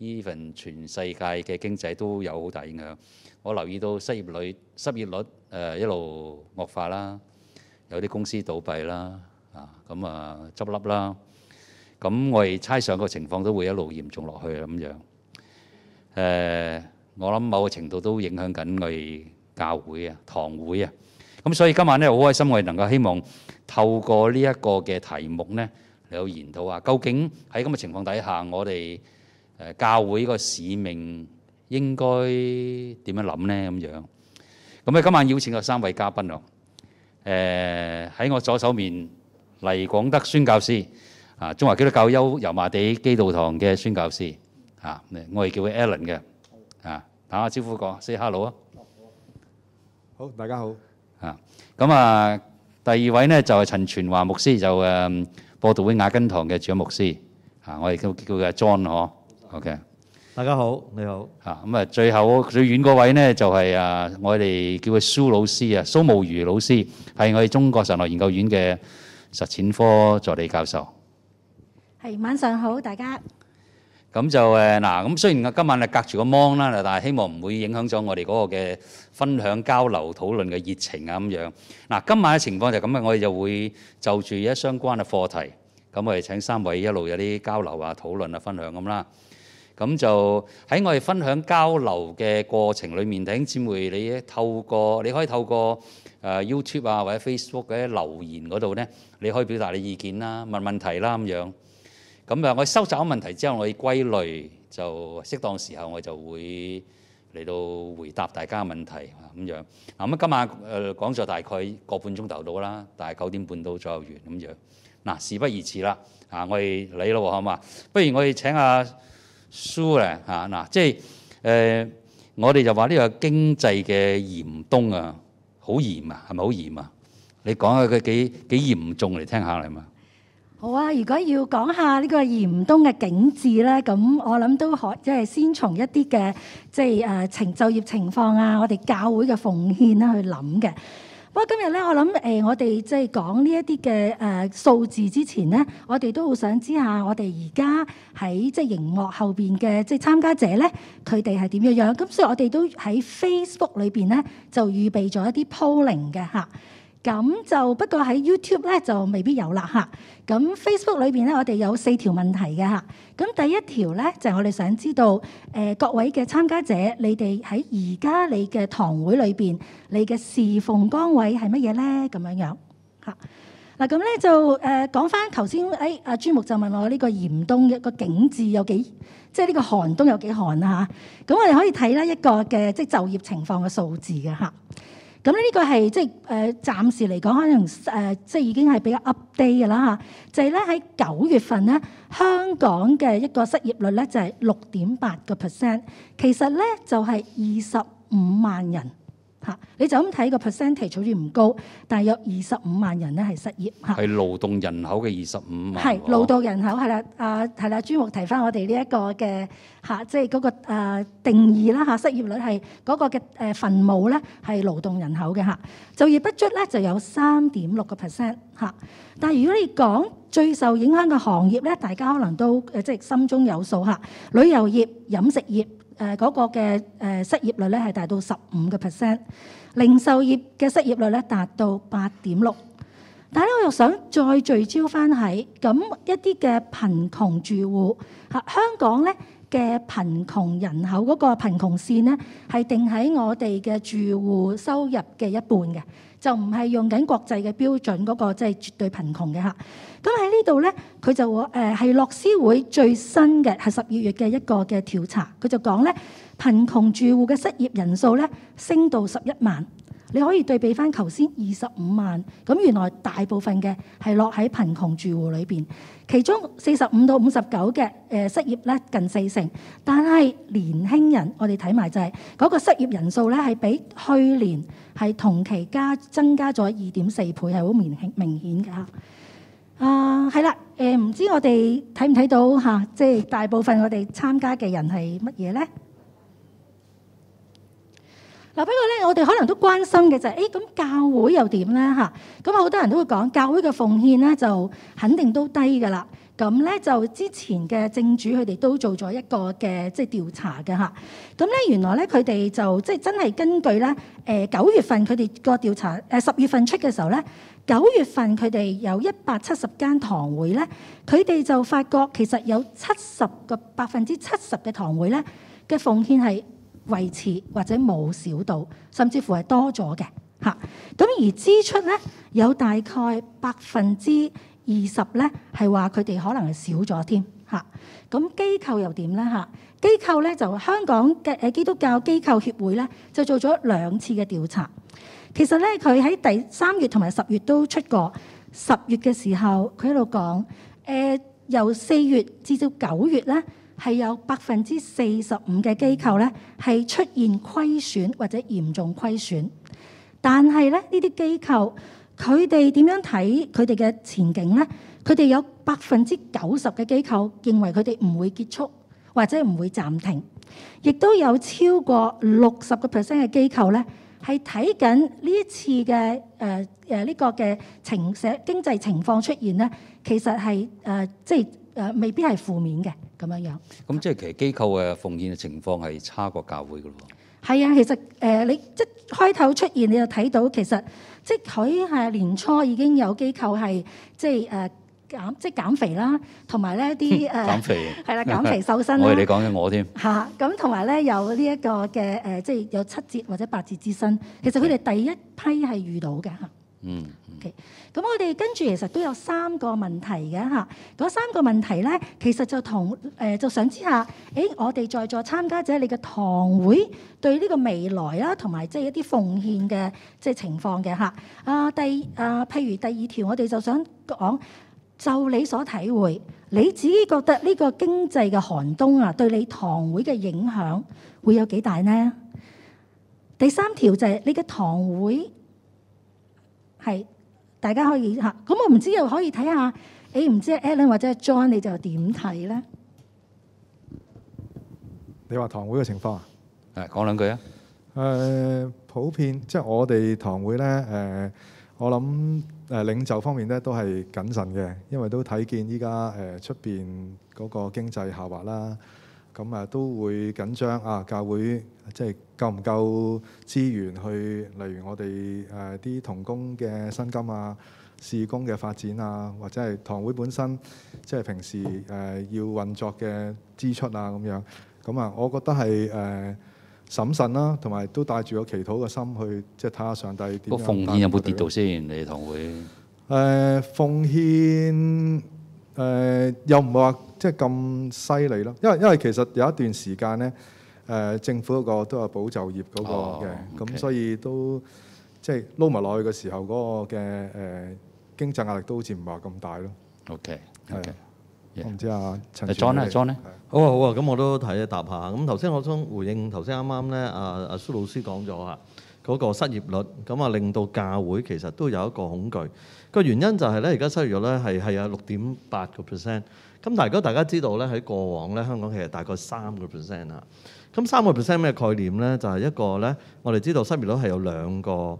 甚至全世界嘅經濟都有好大影響。我留意到失業率失業率誒、呃、一路惡化啦，有啲公司倒閉啦啊，咁啊執笠啦。咁、啊、我哋猜想個情況都會一路嚴重落去咁樣。誒、啊，我諗某個程度都影響緊我哋教會，會啊、堂會啊。咁所以今晚咧好開心，我哋能夠希望透過呢一個嘅題目咧嚟到研討下究竟喺咁嘅情況底下，我哋。誒，教會個使命應該點樣諗咧？咁樣咁咧，今晚邀請嘅三位嘉賓哦。誒，喺我左手面黎廣澤宣教師啊，中華基督教會油麻地基道堂嘅宣教師啊，我哋叫佢 Alan 嘅啊，打下招呼講 say hello 啊。好，大家好啊。咁啊，第二位咧就係陳傳華牧師，就誒播道會雅斤堂嘅主任牧師啊，我哋叫叫佢阿 John 嗬。OK，大家好，你好。啊，咁啊，最後最遠嗰位咧就係啊，我哋叫佢蘇老師啊，蘇慕瑜老師，係我哋中國神學研究院嘅實踐科助理教授。係，晚上好，大家。咁就誒嗱，咁雖然我今晚係隔住個芒啦，但係希望唔會影響咗我哋嗰個嘅分享、交流、討論嘅熱情啊咁樣。嗱，今晚嘅情況就咁嘅，我哋就會就住一相關嘅課題，咁我哋請三位一路有啲交流啊、討論啊、分享咁啦。咁就喺我哋分享交流嘅過程裏面，弟兄姊妹，你透過你可以透過誒 YouTube 啊或者 Facebook 嘅、啊、留言嗰度咧，你可以表達你意見啦、問問題啦咁樣。咁啊，我收集好問題之後，我哋歸類，就適當時候我就會嚟到回答大家嘅問題咁樣。嗱咁啊，今晚誒講座大概個半鐘頭到啦，大概九點半到左右完咁樣。嗱，事不宜遲啦，啊，我哋嚟咯好嘛，不如我哋請下。書咧嗱，即係誒、呃，我哋就話呢個經濟嘅嚴冬啊，好嚴啊，係咪好嚴啊？你講下佢幾幾嚴重嚟聽下啦，係嘛？好啊，如果要講下呢個嚴冬嘅景緻咧，咁我諗都可，即係先從一啲嘅即係誒情就業情況啊，我哋教會嘅奉獻咧去諗嘅。今日咧，我諗誒，我哋即係講呢一啲嘅誒數字之前咧，我哋都好想知下我哋而家喺即係熒幕後邊嘅即係參加者咧，佢哋係點樣樣咁，所以我哋都喺 Facebook 裏邊咧就預備咗一啲 polling 嘅吓。咁就不過喺 YouTube 咧就未必有啦嚇。咁 Facebook 裏邊咧，我哋有四條問題嘅嚇。咁第一條咧就係、是、我哋想知道誒、呃、各位嘅參加者，你哋喺而家你嘅堂會裏邊，你嘅侍奉崗位係乜嘢咧？咁樣樣嚇。嗱咁咧就誒、呃、講翻頭先，誒阿朱牧就問我呢個嚴冬嘅一個景緻有幾，即係呢個寒冬有幾寒啊嚇。咁我哋可以睇咧一個嘅即係就業情況嘅數字嘅嚇。啊咁呢個係即係誒暫時嚟講，可能誒即係已經係比較 update 嘅啦嚇。就係咧喺九月份咧，香港嘅一個失業率咧就係六點八個 percent，其實咧就係二十五萬人。嚇！你就咁睇個 percentage，好似唔高，但係有二十五萬人咧係失業嚇。係勞動人口嘅二十五萬。係勞動人口係啦，啊係啦，朱牧提返我哋呢一個嘅嚇，即係嗰個定義啦嚇，失業率係嗰個嘅誒分母咧係勞動人口嘅嚇。就業不足咧就有三點六個 percent 嚇。但係如果你講最受影響嘅行業咧，大家可能都誒即係心中有數嚇。旅遊業、飲食業。誒嗰個嘅誒失業率咧係達到十五個 percent，零售業嘅失業率咧達到八點六。但係咧，我又想再聚焦翻喺咁一啲嘅貧窮住戶吓，香港咧嘅貧窮人口嗰個貧窮線咧係定喺我哋嘅住戶收入嘅一半嘅。就唔係用緊國際嘅標準，嗰個即係絕對貧窮嘅嚇。咁喺呢度咧，佢就誒係樂施會最新嘅係十二月嘅一個嘅調查，佢就講呢，貧窮住戶嘅失業人數呢，升到十一萬。你可以對比翻頭先二十五萬，咁原來大部分嘅係落喺貧窮住戶裏邊，其中四十五到五十九嘅誒失業咧近四成，但係年輕人我哋睇埋就係嗰個失業人數咧係比去年係同期加增加咗二點四倍，係好明顯明顯嘅吓，啊，係啦，誒、呃、唔知我哋睇唔睇到嚇，即、啊、係、就係、大部分我哋參加嘅人係乜嘢咧？不過咧，我哋可能都關心嘅就係，誒、哎，咁教會又點咧？嚇，咁好多人都會講教會嘅奉獻咧，就肯定都低㗎啦。咁咧就之前嘅政主佢哋都做咗一個嘅即係調查嘅嚇。咁咧原來咧佢哋就即係、就是、真係根據咧誒九月份佢哋個調查誒十月份出嘅時候咧，九月份佢哋有一百七十間堂會咧，佢哋就發覺其實有七十個百分之七十嘅堂會咧嘅奉獻係維持或者冇少到，甚至乎係多咗嘅，吓、啊。咁而支出咧，有大概百分之二十咧，係話佢哋可能係少咗添，吓、啊。咁、啊、機構又點咧？吓、啊，機構咧就香港嘅誒基督教機構協會咧，就做咗兩次嘅調查。其實咧，佢喺第三月同埋十月都出過。十月嘅時候，佢喺度講，誒、呃，由四月至到九月咧，係有百分之四十五嘅機構咧，係出現虧損或者嚴重虧損。但係咧，呢啲機構佢哋點樣睇佢哋嘅前景呢？佢哋有百分之九十嘅機構認為佢哋唔會結束或者唔會暫停。亦都有超過六十個 percent 嘅機構咧，係睇緊呢一次嘅誒誒呢個嘅情社經濟情況出現呢。其實係誒即係。呃就是未必係負面嘅咁樣樣。咁即係其實機構嘅奉獻嘅情況係差過教會嘅咯。係啊，其實誒、呃、你即係開頭出現，你就睇到其實即係佢係年初已經有機構係即係誒減即係減肥啦，同埋咧啲誒減肥係啦 減肥瘦身啦。 你講緊我添。嚇！咁同埋咧有呢、這、一個嘅誒，即係有七折或者八折之身。Okay. 其實佢哋第一批係遇到嘅。嗯。咁、okay. 我哋跟住其實都有三個問題嘅嚇，嗰三個問題咧，其實就同誒、呃、就想知下，誒、哎、我哋在座參加者你嘅堂會對呢個未來啊，同埋即係一啲奉獻嘅即係情況嘅嚇。啊第啊，譬如第二條，我哋就想講，就你所體會，你自己覺得呢個經濟嘅寒冬啊，對你堂會嘅影響會有幾大呢？第三條就係你嘅堂會係。大家可以嚇，咁我唔知又可以睇下，誒唔知 Alan 或者 John 你就點睇咧？你話堂會嘅情況啊？誒，講兩句啊。誒，普遍即係、就是、我哋堂會咧，誒，我諗誒領袖方面咧都係謹慎嘅，因為都睇見依家誒出邊嗰個經濟下滑啦。咁啊都會緊張啊，教會即係夠唔夠資源去，例如我哋誒啲同工嘅薪金啊、事工嘅發展啊，或者係堂會本身即係平時誒要運作嘅支出啊咁樣。咁啊，我覺得係誒審慎啦，同埋都帶住個祈禱嘅心去，即係睇下上帝點樣。個奉獻有冇跌到先？你哋堂會誒奉獻誒又唔係話，即係咁犀利咯，因為因為其實有一段時間咧，誒政府嗰個都係保就業嗰個嘅，咁所以都即係撈埋落去嘅時候，嗰個嘅誒經濟壓力都好似唔係話咁大咯。OK，係我唔知啊，陳生咧，好啊好啊，咁我都睇下答下。咁頭先我想回應頭先啱啱咧，阿阿蘇老師講咗啊嗰個失業率，咁啊令到教會其實都有一個恐懼個原因就係咧，而家失業率咧係係有六點八個 percent。咁但係如果大家知道咧，喺過往咧香港其實大概三個 percent 啊。咁三個 percent 咩概念咧？就係一個咧，我哋知道失業率係有兩個誒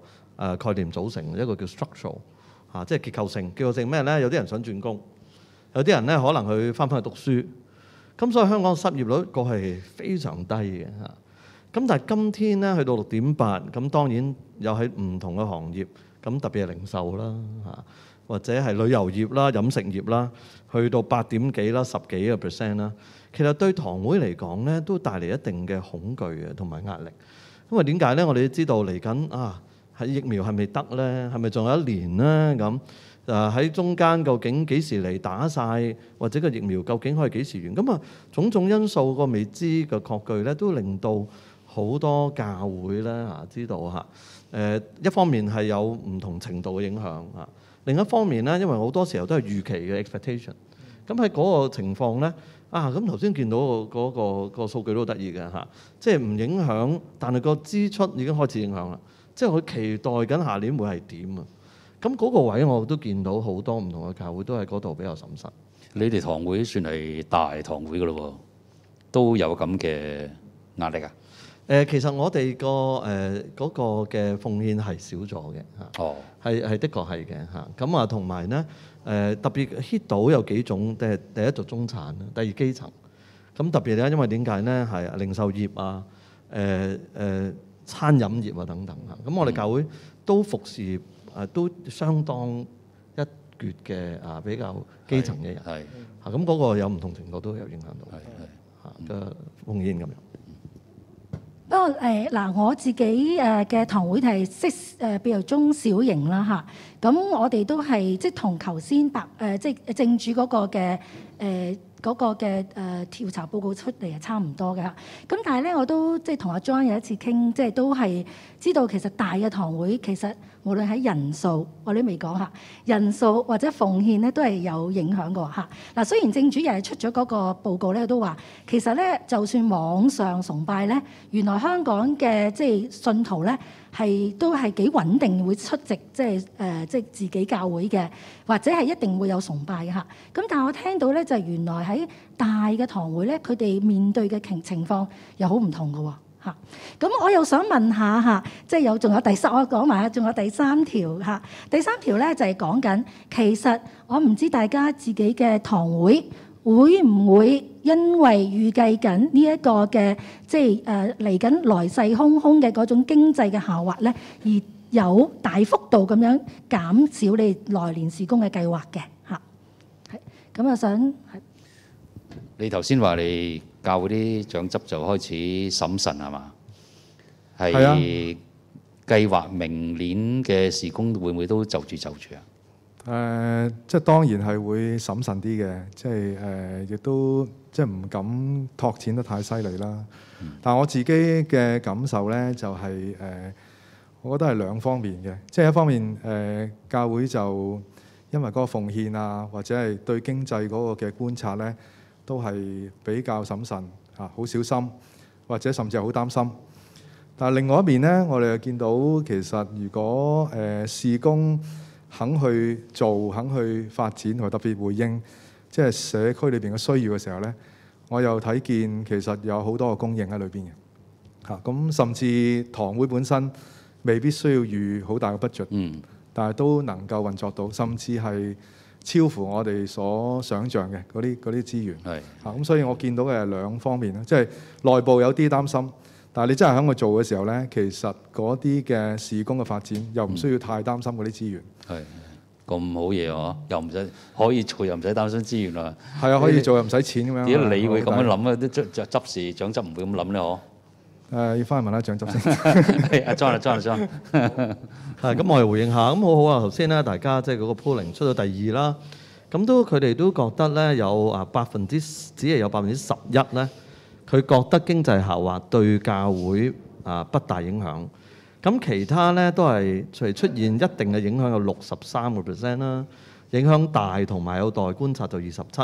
概念組成，一個叫 structural 嚇，即係結構性。結構性咩咧？有啲人想轉工，有啲人咧可能去翻返去讀書。咁所以香港失業率個係非常低嘅嚇。咁但係今天咧去到六點八，咁當然又喺唔同嘅行業，咁特別係零售啦嚇。或者係旅遊業啦、飲食業啦，去到八點幾啦、十幾個 percent 啦。其實對堂會嚟講咧，都帶嚟一定嘅恐懼啊，同埋壓力。因為點解咧？我哋都知道嚟緊啊，喺疫苗係咪得咧？係咪仲有一年咧？咁啊，喺中間究竟幾時嚟打晒，或者個疫苗究竟可以幾時完？咁啊，種種因素個未知嘅確據咧，都令到好多教會咧啊，知道嚇誒。一方面係有唔同程度嘅影響啊。另一方面咧，因為好多時候都係預期嘅 expectation。咁喺嗰個情況呢，啊，咁頭先見到嗰、嗰個、嗰個數據都得意嘅嚇，即係唔影響，但係個支出已經開始影響啦。即係佢期待緊下年會係點啊？咁嗰個位我都見到好多唔同嘅教會都喺嗰度比較審慎。你哋堂會算係大堂會噶咯，都有咁嘅壓力啊？其實我哋、呃那個誒個嘅奉獻係少咗嘅嚇，係、係、oh. 的確係嘅嚇。咁啊，同埋咧誒，特別 hit 到有幾種，即係第一做中產啦，第二基層。咁、嗯、特別咧，因為點解咧？係零售業啊，誒、呃、誒、呃，餐飲業啊等等啊。咁我哋教會都服侍啊，都相當一橛嘅啊，比較基層嘅人。係。嚇，咁嗰、啊那個有唔同程度都有影響到。係係。嚇嘅、啊那個、奉獻咁樣。不過，嗱，我自己誒嘅堂會係誒譬如中小型啦吓，咁我哋都係即係同頭先白誒，即正主嗰個嘅嗰個嘅誒、呃、調查報告出嚟係，差唔多嘅嚇。咁但係咧，我都即係同阿 John 有一次傾，即係都係知道其實大嘅堂會其實無論喺人數，我哋未講嚇，人數或者奉獻咧都係有影響嘅嚇。嗱、啊，雖然正主又係出咗嗰個報告咧，都話其實咧，就算網上崇拜咧，原來香港嘅即係信徒咧。係都係幾穩定會出席，即係誒、呃，即係自己教會嘅，或者係一定會有崇拜嘅嚇。咁但係我聽到咧就係、是、原來喺大嘅堂會咧，佢哋面對嘅情情況又好唔同嘅喎嚇。咁我又想問下嚇，即、就、係、是、有仲有，有第三，我講埋仲有第三條嚇。第三條咧就係講緊，其實我唔知大家自己嘅堂會會唔會？因為預計緊呢一個嘅即係誒嚟緊來勢洶洶嘅嗰種經濟嘅下滑咧，而有大幅度咁樣減少你來年事工嘅計劃嘅嚇。係咁，我想係你頭先話你教嗰啲長執就開始審慎係嘛？係啊！計劃明年嘅事工會唔會都就住就住啊？誒、呃，即係當然係會審慎啲嘅，即係誒，亦、呃、都即係唔敢拓展得太犀利啦。嗯、但係我自己嘅感受呢，就係、是、誒、呃，我覺得係兩方面嘅，即係一方面誒、呃，教會就因為嗰個奉獻啊，或者係對經濟嗰個嘅觀察呢，都係比較審慎吓，好、啊、小心，或者甚至係好擔心。但係另外一邊呢，我哋又見到其實如果誒、呃、事工，肯去做，肯去發展，同埋特別回應，即係社區裏邊嘅需要嘅時候呢，我又睇見其實有好多嘅供應喺裏邊嘅嚇。咁、啊、甚至堂會本身未必需要預好大嘅不盡，嗯、但係都能夠運作到，甚至係超乎我哋所想像嘅嗰啲嗰啲資源係嚇。咁是、啊、所以我見到嘅係兩方面啦，即係內部有啲擔心，但係你真係喺我做嘅時候呢，其實嗰啲嘅事工嘅發展又唔需要太擔心嗰啲資源。係咁好嘢嗬，又唔使可以做又唔使擔心資源啦。係啊，可以做 你又唔使錢咁樣。點解你會咁樣諗啊？啲執事長執唔會咁諗咧嗬？誒、啊，要翻去問下長執先。係啊，John 啊 John 啊 John。係咁，我嚟回應下。咁好好啊，頭先咧，大家即係嗰個 polling 出到第二啦。咁都佢哋都覺得咧，有啊百分之只係有百分之十一咧，佢覺得經濟下滑對教會啊不大影響。咁其他咧都係，除出現一定嘅影響有六十三個 percent 啦，影響大同埋有待觀察就二十七。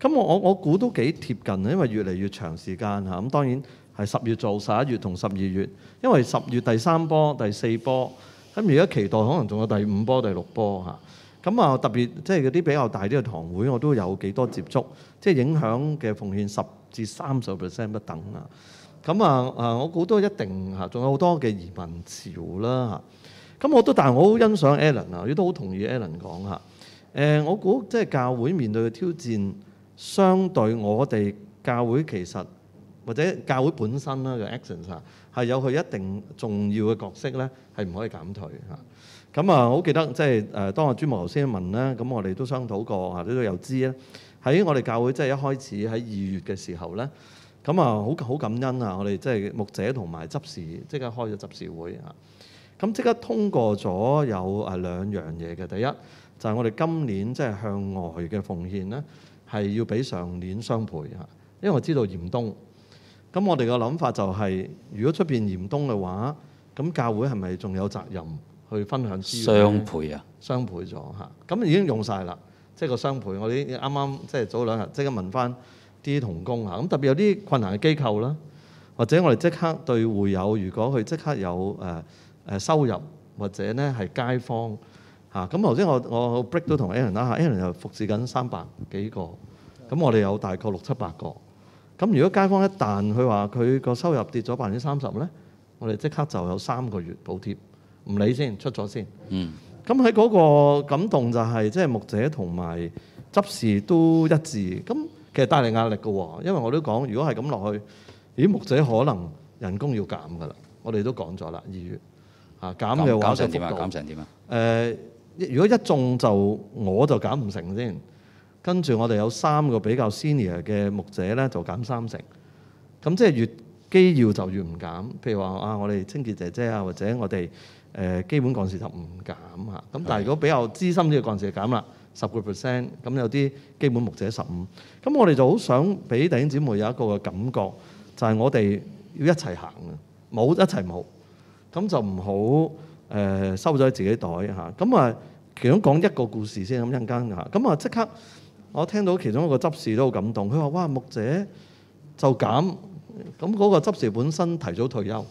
咁我我我估都幾貼近，因為越嚟越長時間嚇。咁、啊、當然係十月做十一月同十二月，因為十月第三波第四波，咁而家期待可能仲有第五波第六波嚇。咁啊,啊特別即係嗰啲比較大啲嘅堂會，我都有幾多接觸，即係影響嘅奉獻十至三十個 percent 不等啊。咁啊啊！我估都一定嚇，仲有好多嘅移民潮啦嚇。咁我都，但係我好欣賞 Alan 啊，亦都好同意 Alan 講吓。誒，我估即係教會面對嘅挑戰，相對我哋教會其實或者教會本身啦，嘅 excellence 啊，嚇，係有佢一定重要嘅角色咧，係唔可以減退嚇。咁啊，好記得即係誒，當阿朱牧頭先一問啦，咁我哋都商討過啊，呢度又知咧，喺我哋教會即係、就是、一開始喺二月嘅時候咧。咁啊，好好感恩啊！我哋即係牧者同埋執事即刻開咗執事會啊！咁即刻通過咗有誒兩樣嘢嘅，第一就係、是、我哋今年即係、就是、向外嘅奉獻咧，係要俾上年雙倍啊！因為我知道嚴冬，咁我哋嘅諗法就係、是，如果出邊嚴冬嘅話，咁教會係咪仲有責任去分享資源？雙倍啊！雙倍咗嚇，咁已經用晒啦，即係個雙倍，我哋啱啱即係早兩日即刻問翻。啲同工吓咁特別有啲困難嘅機構啦，或者我哋即刻對會友，如果佢即刻有誒誒收入或者咧係街坊吓咁頭先我我 break 都同 Aaron 啦 Aaron 又服侍緊三百幾個，咁我哋有大概六七百個咁。如果街坊一旦佢話佢個收入跌咗百分之三十咧，我哋即刻就有三個月補貼，唔理先出咗先。先嗯，咁喺嗰個感動就係、是、即係牧者同埋執事都一致咁。其實帶嚟壓力嘅，因為我都講，如果係咁落去，咦木者可能人工要減嘅啦。我哋都講咗啦，二月嚇減嘅話減成點啊？減成點啊？誒，如果一中就我就減唔成先，跟住我哋有三個比較 senior 嘅木者咧，就減三成。咁即係越機要就越唔減。譬如話啊，我哋清潔姐姐啊，或者我哋誒、呃、基本幹事就唔減嚇。咁但係如果比較資深啲嘅幹事就減啦。十個 percent，咁有啲基本牧者十五，咁我哋就好想俾弟兄姊妹有一個嘅感覺，就係我哋要一齊行啊，冇一齊冇，咁就唔好誒收咗喺自己袋嚇。咁啊，其實講一個故事先，咁一間嚇，咁啊即刻我聽到其中一個執事都好感動，佢話：哇牧者就減，咁嗰個執事本身提早退休，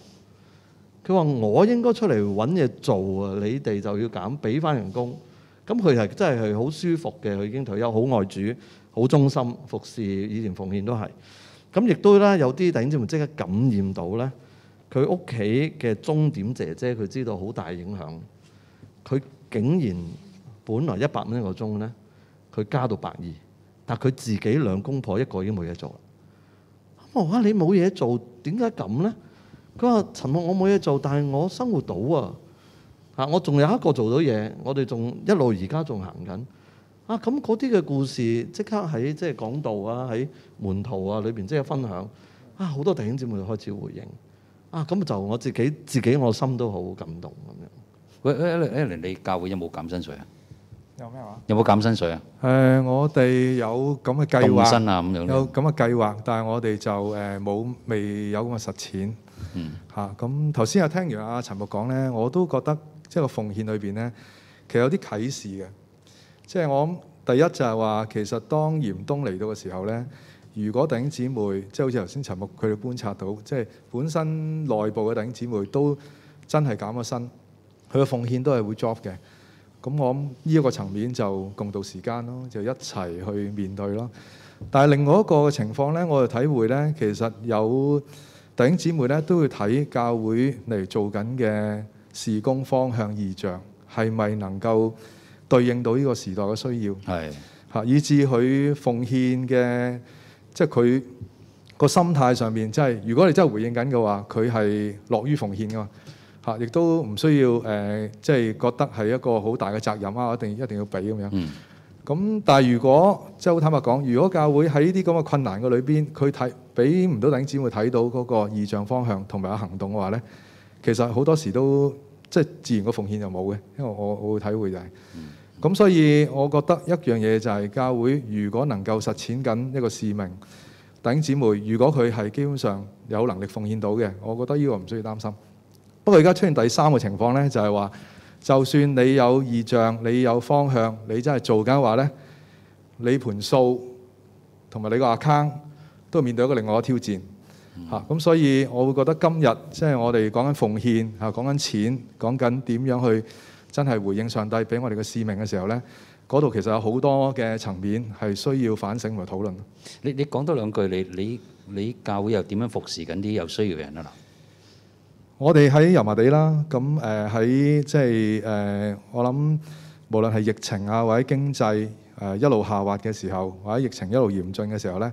佢話我應該出嚟揾嘢做啊，你哋就要減，俾翻人工。咁佢係真係好舒服嘅，佢已經退休，好愛主，好忠心服侍，以前奉獻都係。咁亦都啦，有啲弟兄姊妹即刻感染到咧，佢屋企嘅鐘點姐姐佢知道好大影響，佢竟然本來一百蚊一個鐘咧，佢加到百二，但佢自己兩公婆一個已經冇嘢做啦。我話你冇嘢做，點解咁咧？佢話陳牧我冇嘢做，但係我生活到啊。啊！我仲有一個做到嘢，我哋仲一路而家仲行緊啊！咁嗰啲嘅故事即刻喺即係講道啊，喺門徒啊裏邊即係分享啊，好多弟兄姊妹開始回應啊！咁就我自己自己我心都好感動咁樣。誒誒誒，嚟你教會有冇減薪水啊？有咩話？有冇減薪水啊？誒，我哋有咁嘅計劃。減薪啊，咁樣。有咁嘅計劃，但係我哋就誒冇未有咁嘅實踐。嗯。嚇！咁頭先又聽完阿陳牧講咧，我都覺得。即係個奉獻裏邊呢，其實有啲啟示嘅。即係我諗，第一就係話，其實當嚴冬嚟到嘅時候呢，如果弟兄姊妹，即係好似頭先陳牧佢哋觀察到，即係本身內部嘅弟兄姊妹都真係減咗薪，佢嘅奉獻都係會 drop 嘅。咁我諗呢一個層面就共度時間咯，就一齊去面對咯。但係另外一個情況呢，我就體會呢，其實有弟兄姊妹呢，都會睇教會嚟做緊嘅，事工方向異象係咪能夠對應到呢個時代嘅需要？係嚇的，以至佢奉獻嘅，即係佢個心態上面，即係如果你真係回應緊嘅話，佢係樂於奉獻噶嘛嚇，亦都唔需要誒、呃，即係覺得係一個好大嘅責任啊，一定一定要俾咁樣。咁、嗯、但係如果即係好坦白講，如果教會喺呢啲咁嘅困難嘅裏邊，佢睇俾唔到領子會睇到嗰個異象方向同埋有行動嘅話咧，其實好多時都～即係自然嘅奉獻就冇嘅，因為我我會體會就係、是，咁、嗯嗯、所以我覺得一樣嘢就係教會如果能夠實踐緊一個使命，弟兄姊妹，如果佢係基本上有能力奉獻到嘅，我覺得呢個唔需要擔心。不過而家出現第三個情況呢，就係話，就算你有異象，你有方向，你真係做緊嘅話呢，你盤數同埋你個 account 都面對一個另外一個挑戰。嚇咁、嗯、所以我會覺得今日即係我哋講緊奉獻嚇，講緊錢，講緊點樣去真係回應上帝俾我哋嘅使命嘅時候咧，嗰度其實有好多嘅層面係需要反省同埋討論。你你講多兩句，你你你教會又點樣服侍緊啲有需要嘅人啊？啦，我哋喺油麻地啦，咁誒喺即係誒，我諗無論係疫情啊，或者經濟誒、呃、一路下滑嘅時候，或者疫情一路嚴峻嘅時候咧。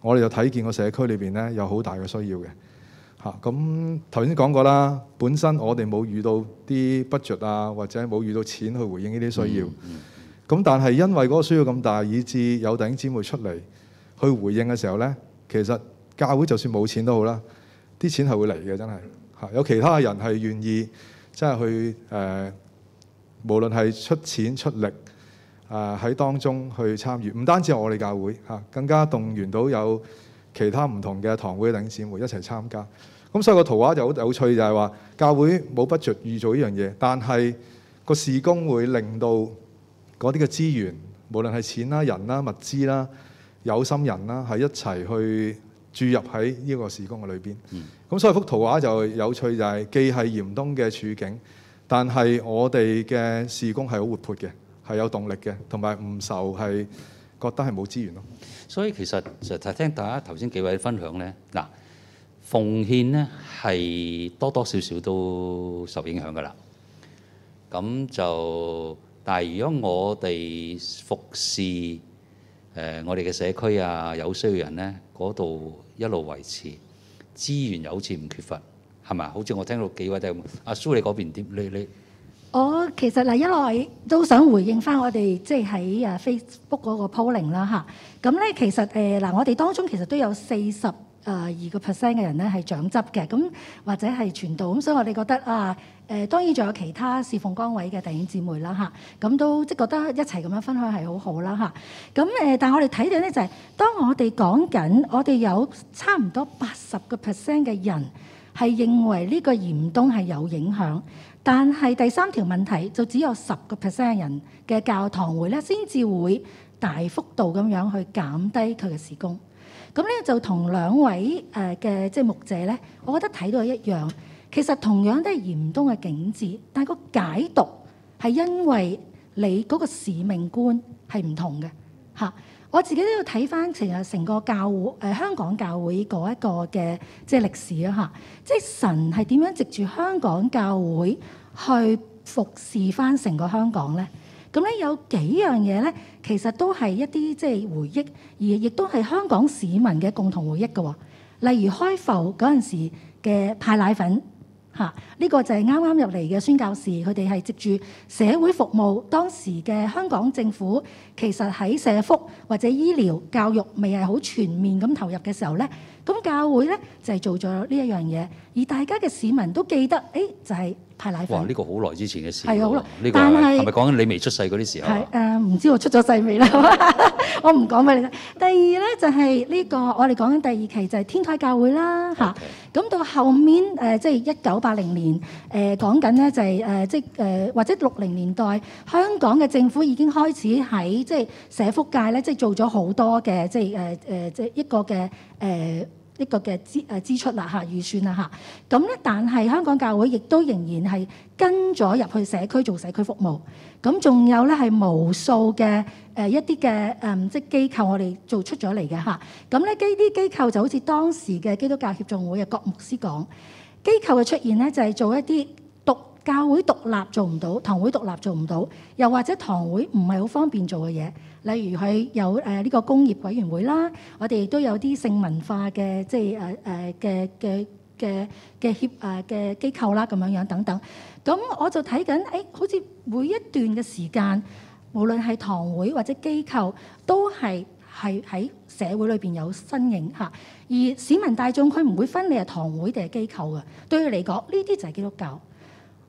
我哋就睇見個社區裏邊咧有好大嘅需要嘅，嚇咁頭先講過啦，本身我哋冇遇到啲 budget 啊，或者冇遇到錢去回應呢啲需要，咁、嗯嗯、但係因為嗰個需要咁大，以致有弟兄姊妹出嚟去回應嘅時候咧，其實教會就算冇錢都好啦，啲錢係會嚟嘅，真係嚇有其他人係願意真係去誒、呃，無論係出錢出力。誒喺當中去參與，唔單止係我哋教會嚇，更加動員到有其他唔同嘅堂會等姊妹一齊參加。咁所以個圖畫就好有趣就是，就係話教會冇不著預做呢樣嘢，但係個事工會令到嗰啲嘅資源，無論係錢啦、人啦、物資啦、有心人啦，係一齊去注入喺呢個事工嘅裏邊。咁、嗯、所以幅圖畫就有趣、就是，就係既係嚴冬嘅處境，但係我哋嘅事工係好活潑嘅。係有動力嘅，同埋唔愁係覺得係冇資源咯。所以其實就聽大家頭先幾位分享咧，嗱奉獻咧係多多少少都受影響噶啦。咁就但係如果我哋服侍誒我哋嘅社區啊，有需要人咧，嗰度一路維持資源又好似唔缺乏，係咪啊？好似我聽到幾位都，阿蘇你嗰邊點？你你。我其實嗱，一嚟都想回應翻我哋即係、就、喺、是、誒 Facebook 嗰個 polling 啦嚇。咁咧其實誒嗱、呃，我哋當中其實都有四十誒二個 percent 嘅人咧係長執嘅，咁或者係傳道。咁所以我哋覺得啊誒、呃，當然仲有其他侍奉崗位嘅弟兄姊妹啦嚇，咁、啊啊、都即係覺得一齊咁樣分享係好好啦嚇。咁、啊、誒、啊，但係我哋睇到咧就係、是，當我哋講緊，我哋有差唔多八十個 percent 嘅人係認為呢個嚴冬係有影響。但係第三條問題就只有十個 percent 人嘅教堂會咧，先至會大幅度咁樣去減低佢嘅時工。咁呢、呃，就同兩位誒嘅即係牧者咧，我覺得睇到係一樣。其實同樣都係嚴冬嘅景致，但係個解讀係因為你嗰個使命觀係唔同嘅嚇。我自己都要睇翻其實成個教會誒、呃、香港教會嗰一個嘅即係歷史啊嚇。即係神係點樣藉住香港教會？去服侍翻成個香港呢？咁咧有幾樣嘢呢？其實都係一啲即係回憶，而亦都係香港市民嘅共同回憶嘅喎。例如開埠嗰陣時嘅派奶粉，嚇、這、呢個就係啱啱入嚟嘅宣教士，佢哋係藉住社會服務。當時嘅香港政府其實喺社福或者醫療教育未係好全面咁投入嘅時候呢，咁教會呢，就係做咗呢一樣嘢，而大家嘅市民都記得，誒、哎、就係、是。派奶粉，哇！呢、這個好耐之前嘅事喎。係好耐，呢個係咪講緊你未出世嗰啲時候？係誒，唔、呃、知道我出咗世未啦。 我唔講俾你聽。第二咧就係、是、呢、這個，我哋講緊第二期就係天台教會啦，嚇 Okay.、啊。咁到後面誒，即係一九八零年誒講緊咧就係、是、誒，即係誒或者六零年代香港嘅政府已經開始喺即係社福界咧，即、就、係、是、做咗好多嘅即係誒誒即係一個嘅誒。呃一個嘅支誒支出啦嚇，預算啦嚇，咁咧但係香港教會亦都仍然係跟咗入去社區做社區服務，咁仲有咧係無數嘅誒一啲嘅誒即機構我哋做出咗嚟嘅嚇，咁咧呢啲機構就好似當時嘅基督教協進會嘅郭牧師講，機構嘅出現咧就係做一啲獨教會獨立做唔到，堂會獨立做唔到，又或者堂會唔係好方便做嘅嘢。例如佢有誒呢個工業委員會啦，我哋都有啲性文化嘅即係誒誒嘅嘅嘅嘅協誒嘅機構啦，咁樣樣等等。咁我就睇緊誒，好似每一段嘅時間，無論係堂會或者機構，都係係喺社會裏邊有身影嚇。而市民大眾佢唔會分你係堂會定係機構嘅，對你嚟講，呢啲就係基督教。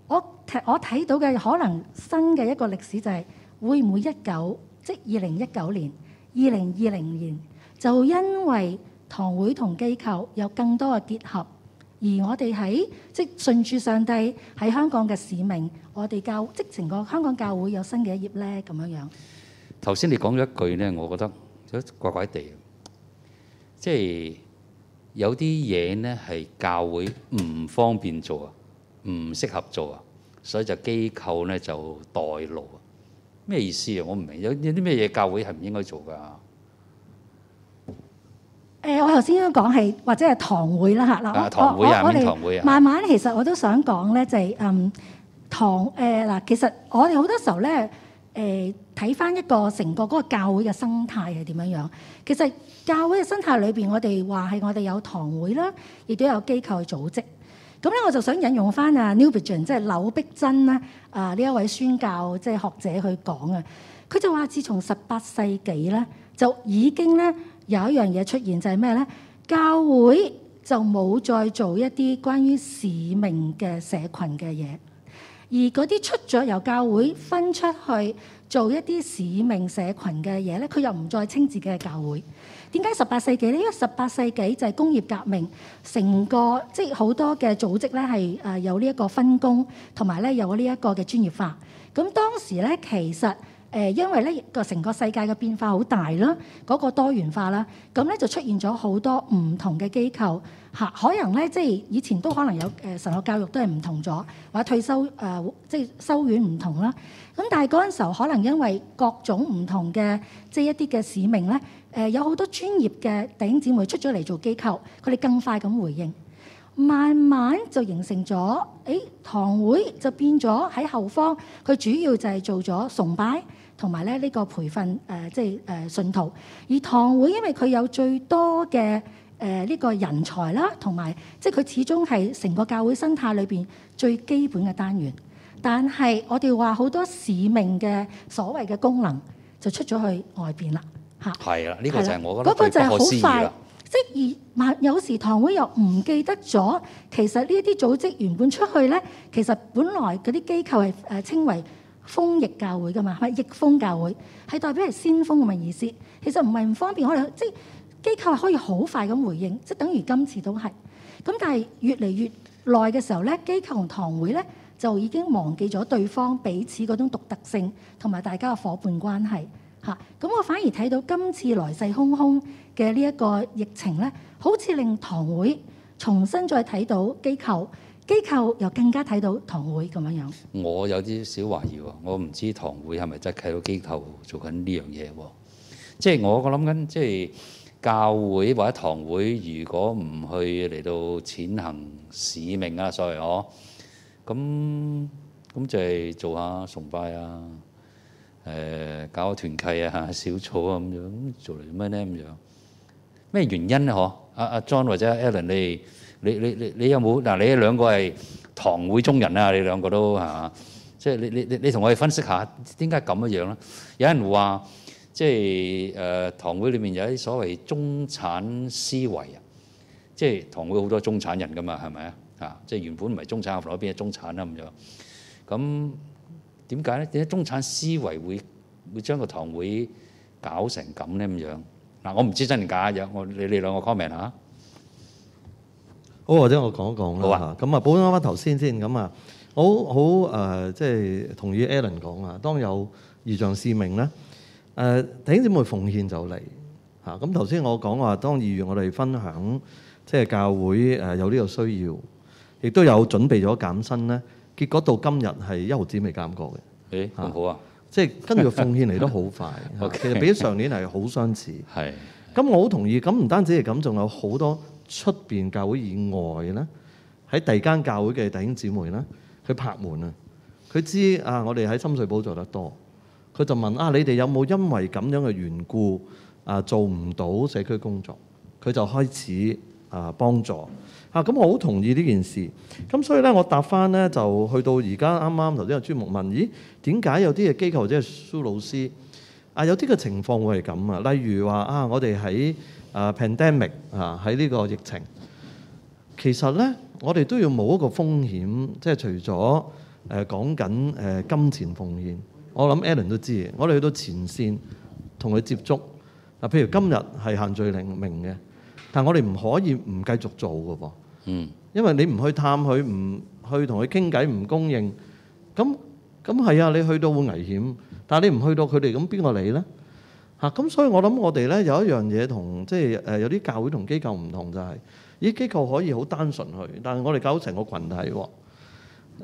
我我睇到嘅可能新嘅一個歷史就係會唔會一九？即二零一九年、二零二零年，就因為堂會同機構有更多嘅結合，而我哋喺即順住上帝喺香港嘅使命，我哋教即成個香港教會有新嘅一頁咧，咁樣樣。頭先你講咗一句咧，我覺得有怪怪哋，即係有啲嘢咧係教會唔方便做啊，唔適合做啊，所以就機構咧就代勞。咩意思啊？我唔明，有有啲咩嘢教會係唔應該做噶？誒，我頭先都講係或者係堂會啦，嚇啦。啊，堂會啊，咩堂會啊？慢慢其實我都想講咧，就係嗯堂誒，嗱，其實我哋好多時候咧，誒睇翻一個成個嗰個教會嘅生態係點樣樣。其實教會嘅生態裏邊，我哋話係我哋有堂會啦，亦都有機構去組織。咁咧我就想引用翻啊 Newbigin 即係柳碧珍啦啊，呢一位宣教即係學者去講啊，佢就話自從十八世紀咧，就已經咧有一樣嘢出現就係咩咧？教會就冇再做一啲關於使命嘅社群嘅嘢，而嗰啲出咗由教會分出去做一啲使命社群嘅嘢咧，佢又唔再稱自己嘅教會。點解十八世紀呢？因為十八世紀就係工業革命，成個即係好多嘅組織咧係誒有呢一個分工，同埋咧有呢一個嘅專業化。咁當時咧其實誒，因為咧個成個世界嘅變化好大啦，嗰個多元化啦，咁咧就出現咗好多唔同嘅機構嚇。可能咧即係以前都可能有誒神學教育都係唔同咗，或者退休誒即係修院唔同啦。咁但係嗰陣時候可能因為各種唔同嘅即係一啲嘅使命咧。誒有好多專業嘅弟兄姊妹出咗嚟做機構，佢哋更快咁回應，慢慢就形成咗。誒堂會就變咗喺後方，佢主要就係做咗崇拜同埋咧呢個培訓誒、呃，即係誒、呃、信徒。而堂會因為佢有最多嘅誒呢個人才啦，同埋即係佢始終係成個教會生態裏邊最基本嘅單元。但係我哋話好多使命嘅所謂嘅功能就出咗去外邊啦。吓，係啦，呢、呢個就係我覺得最不可思議啦、嗰個就係好快！即係而有時堂會又唔記得咗，其實呢一啲組織原本出去咧，其實本來嗰啲機構係誒稱為風逆教會噶嘛，係逆風教會，係代表係先鋒咁嘅意思。其實唔係唔方便，可能即機構係可以好快咁回應，即等於今次都係。咁但係越嚟越耐嘅時候咧，機構同堂會咧就已經忘記咗對方彼此嗰種獨特性，同埋大家嘅伙伴關係。嚇！咁我反而睇到今次來勢洶洶嘅呢一個疫情咧，好似令堂會重新再睇到機構，機構又更加睇到堂會咁樣樣。我有啲小懷疑喎，我唔知堂會係咪真係睇到機構做緊呢樣嘢喎？即係我我諗緊，即係教會或者堂會，如果唔去嚟到踐行使命啊，所謂哦，咁咁就係做下崇拜啊。誒搞團契啊，小草啊咁樣，咁做嚟做咩咧？咁樣咩原因咧？嗬，阿阿 John 或者阿 Alan，你你你你有冇嗱？你兩個係堂會中人啊？你兩個都係嘛？即係你你你你同我哋分析下點解咁樣咯？有人話即係誒堂會裏面有啲所謂中產思維啊，即係堂會好多中產人噶嘛，係咪啊？啊，即係原本唔係中產，阿弗羅邊係中產啦？咁樣咁。點解咧？點解中產思維會會將個堂會搞成咁咧？咁樣嗱，我唔知真定假。有我你你兩個 comment 下。好或者我，我講一講啦。好啊。咁啊，補翻翻頭先先咁啊。好好誒，即、呃、係、就是、同意 Alan 講啊。當有異象使命咧，誒頂點會奉獻就嚟嚇。咁頭先我講話，當二月我哋分享即係、就是、教會誒有呢個需要，亦都有準備咗減薪咧。結果到今日係一毫子未減過嘅，誒、欸、好啊！即係、啊就是、跟住個奉獻嚟得好快， 其實比上年係好相似。係，咁我好同意。咁唔單止係咁，仲有好多出邊教會以外呢喺第二間教會嘅弟兄姊妹呢，佢拍門啊！佢知啊，我哋喺深水埗做得多，佢就問啊：你哋有冇因為咁樣嘅緣故啊做唔到社區工作？佢就開始啊幫助。嚇！咁、啊、我好同意呢件事。咁所以咧，我答翻咧，就去到而家啱啱頭先有朱牧問：咦，點解有啲嘅機構即係蘇老師啊？有啲嘅情況會係咁啊？例如話啊，我哋喺啊 pandemic 啊，喺呢、啊、個疫情，其實咧，我哋都要冇一個風險，即係除咗誒、啊、講緊誒金錢奉獻。我諗 Allen 都知，我哋去到前線同佢接觸嗱、啊，譬如今日係限聚令明嘅。但係我哋唔可以唔繼續做噶噃，嗯，因為你唔去探佢，唔去同佢傾偈，唔供應，咁咁係啊，你去到會危險，但係你唔去到佢哋咁邊個理呢？嚇，咁所以我諗我哋呢有一樣嘢同即係誒有啲教會同機構唔同就係，咦機構可以好單純去，但係我哋搞成個羣體喎，